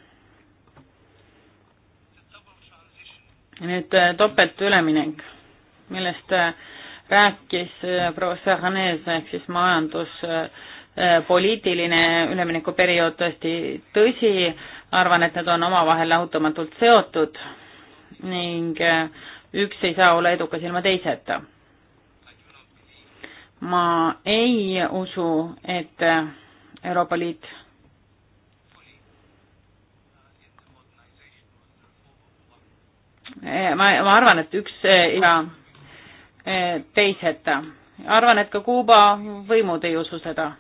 nüüd topeltüleminek, millest rääkis äh, proua Sahanes ehk siis majanduspoliitiline äh, üleminekuperiood tõesti tõsi, arvan, et need on omavahel lahutamatult seotud ning äh, üks ei saa olla edukas ilma teiseta. ma ei usu, et Euroopa Liit ma, ma arvan, et üks ja Eh, teiseta. arvan, et ka Kuuba võimud ei usu seda.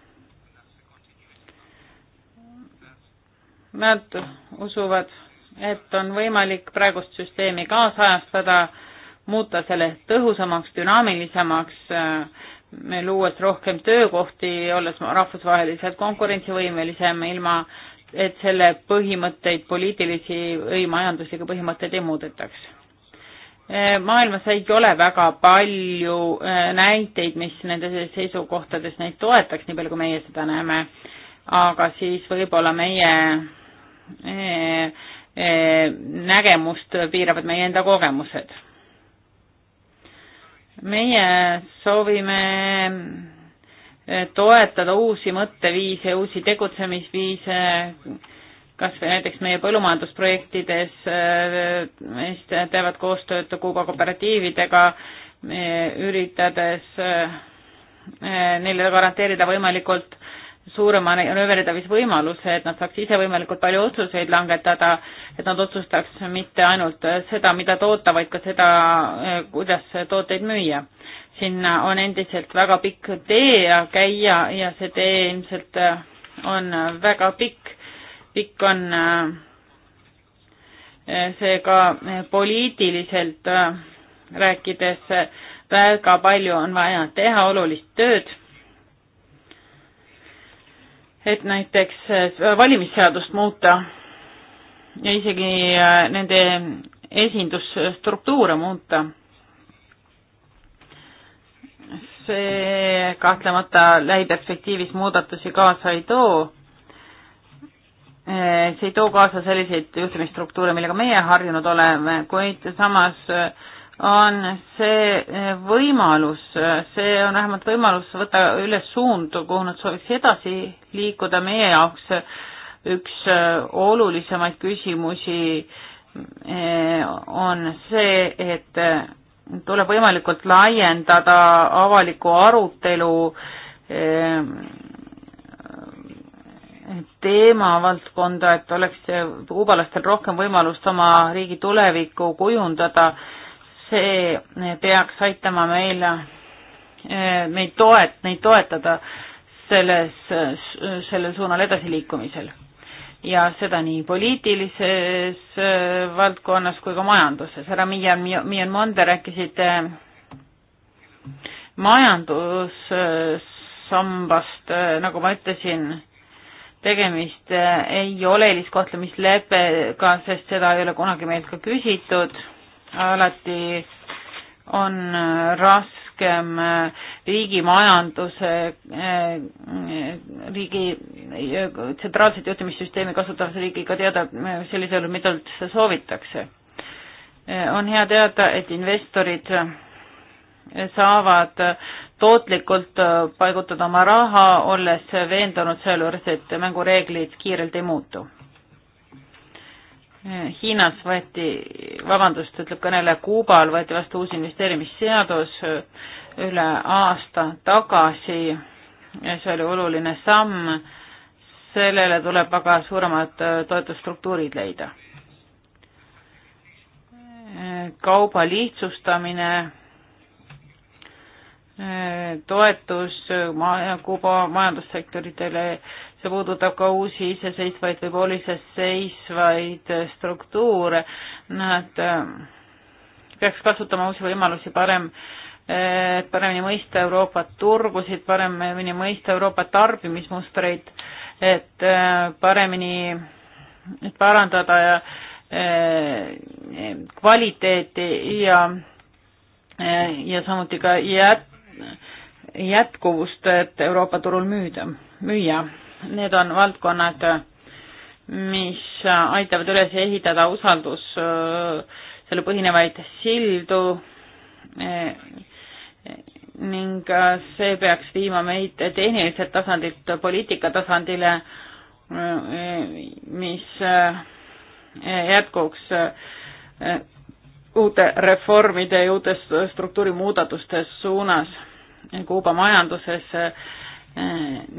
Nad usuvad, et on võimalik praegust süsteemi kaasajastada, muuta selle tõhusamaks, dünaamilisemaks, eh, luues rohkem töökohti, olles rahvusvaheliselt konkurentsivõimelisem, ilma et selle põhimõtteid, poliitilisi või majanduslikke põhimõtteid ei muudetaks Äh, maailmas ei ole väga palju äh, näiteid, mis nende seisukohtades neid toetaks, nii palju kui meie seda näeme. aga siis võib-olla meie äh, nägemust piiravad meie enda kogemused. meie soovime toetada uusi mõtteviise, uusi tegutsemisviise, kas või näiteks meie põllumajandusprojektides, mis teevad koostööd Kuuba kooperatiividega, üritades eh, neile garanteerida võimalikult suurema manööverdamisvõimaluse, et nad saaks ise võimalikult palju otsuseid langetada, et nad otsustaks mitte ainult seda, mida toota, vaid ka seda, eh, kuidas tooteid müüa. sinna on endiselt väga pikk tee ja käia ja see tee ilmselt eh, on väga pikk pikk on äh, see ka äh, poliitiliselt äh, rääkides, väga palju on vaja teha olulist tööd, et näiteks valimisseadust muuta ja isegi nende esindusstruktuure muuta. see kahtlemata lähiperspektiivis muudatusi kaasa ei too Eh, see ei too kaasa selliseid juhtimisstruktuure, millega meie harjunud oleme, kuid samas eh, on see eh, võimalus, see on vähemalt võimalus võtta üles suund, kuhu nad sooviks edasi liikuda, meie jaoks üks olulisemaid küsimusi on see, et tuleb võimalikult laiendada avalikku arutelu teemavaldkonda, et oleks kuubalastel rohkem võimalust oma riigi tulevikku kujundada, see peaks aitama meil, eh, meid toet-, neid toetada selles, sellel suunal edasiliikumisel. ja seda nii poliitilises eh, valdkonnas kui ka majanduses. härra Mian, Mian Monde rääkisite majandussambast, eh, nagu ma ütlesin, tegemist äh, ei ole eeliskohtlemisleppega, sest seda ei ole kunagi meilt ka küsitud, alati on äh, raskem äh, riigi majanduse, riigi tsentraalset juhtimissüsteemi kasutavas riigiga teada sellisel juhul, mida üldse soovitakse. on hea teada, et investorid saavad tootlikult äh, paigutada oma raha, olles veendunud sealjuures, et mängureeglid kiirelt ei muutu. Hiinas võeti, vabandust, ütleb kõneleja, Kuubal võeti vastu uus investeerimisseadus äh, üle aasta tagasi, see oli oluline samm, sellele tuleb aga suuremad äh, toetusstruktuurid leida. kauba lihtsustamine toetus Kuuba majandussektoritele, see puudutab ka uusi iseseisvaid või poolisesseisvaid struktuure, nad äh, peaks kasutama uusi võimalusi parem, et äh, paremini mõista Euroopa turgusid, paremini mõista Euroopa tarbimismustreid, et äh, paremini, et parandada ja kvaliteeti ja ja samuti ka jät-, jätkuvust, et Euroopa turul müüda, müüa. Need on valdkonnad, mis aitavad üles ehitada usaldus, selle põhinevaid sildu ning see peaks viima meid tehniliselt tasandilt poliitika tasandile, mis jätkuks uute reformide ja uute struktuurimuudatuste suunas Kuuba majanduses eh,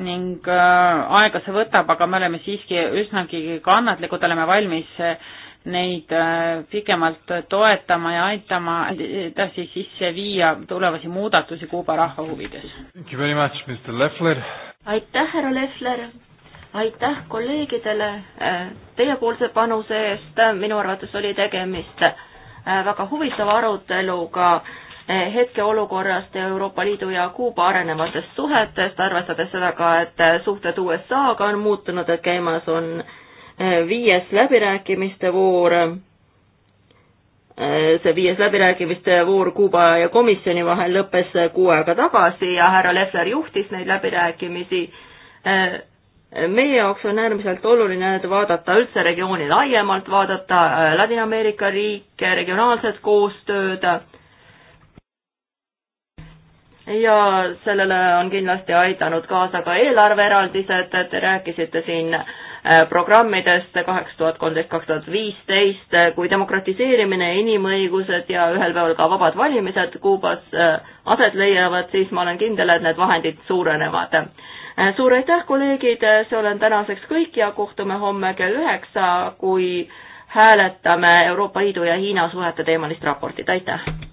ning eh, aega see võtab, aga me oleme siiski üsnagi kannatlikud, oleme valmis eh, neid pikemalt toetama ja aitama edasi sisse viia tulevasi muudatusi Kuuba rahva huvides. aitäh, härra Lefler, aitäh kolleegidele teiepoolse panuse eest, minu arvates oli tegemist väga huvitava aruteluga hetkeolukorrast Euroopa Liidu ja Kuuba arenevatest suhetest, arvestades seda ka, et suhted USA-ga on muutunud, et käimas on eh, viies läbirääkimiste voor, eh, see viies läbirääkimiste voor Kuuba ja komisjoni vahel lõppes kuu aega tagasi ja härra Lefler juhtis neid läbirääkimisi. Eh, meie jaoks on äärmiselt oluline vaadata üldse regiooni laiemalt, vaadata Ladina-Ameerika riike, regionaalset koostööd ja sellele on kindlasti aidanud kaasa ka eelarveeraldised, te rääkisite siin äh, programmidest kaheksa tuhat kolmteist, kaks tuhat viisteist, äh, kui demokratiseerimine, inimõigused ja ühel päeval ka vabad valimised Kuubas äh, aset leiavad, siis ma olen kindel, et need vahendid suurenevad. suur aitäh, kolleegid, see olen tänaseks kõik ja kohtume homme kell üheksa, kui hääletame Euroopa Liidu ja Hiina suhete teemalist raportit, aitäh!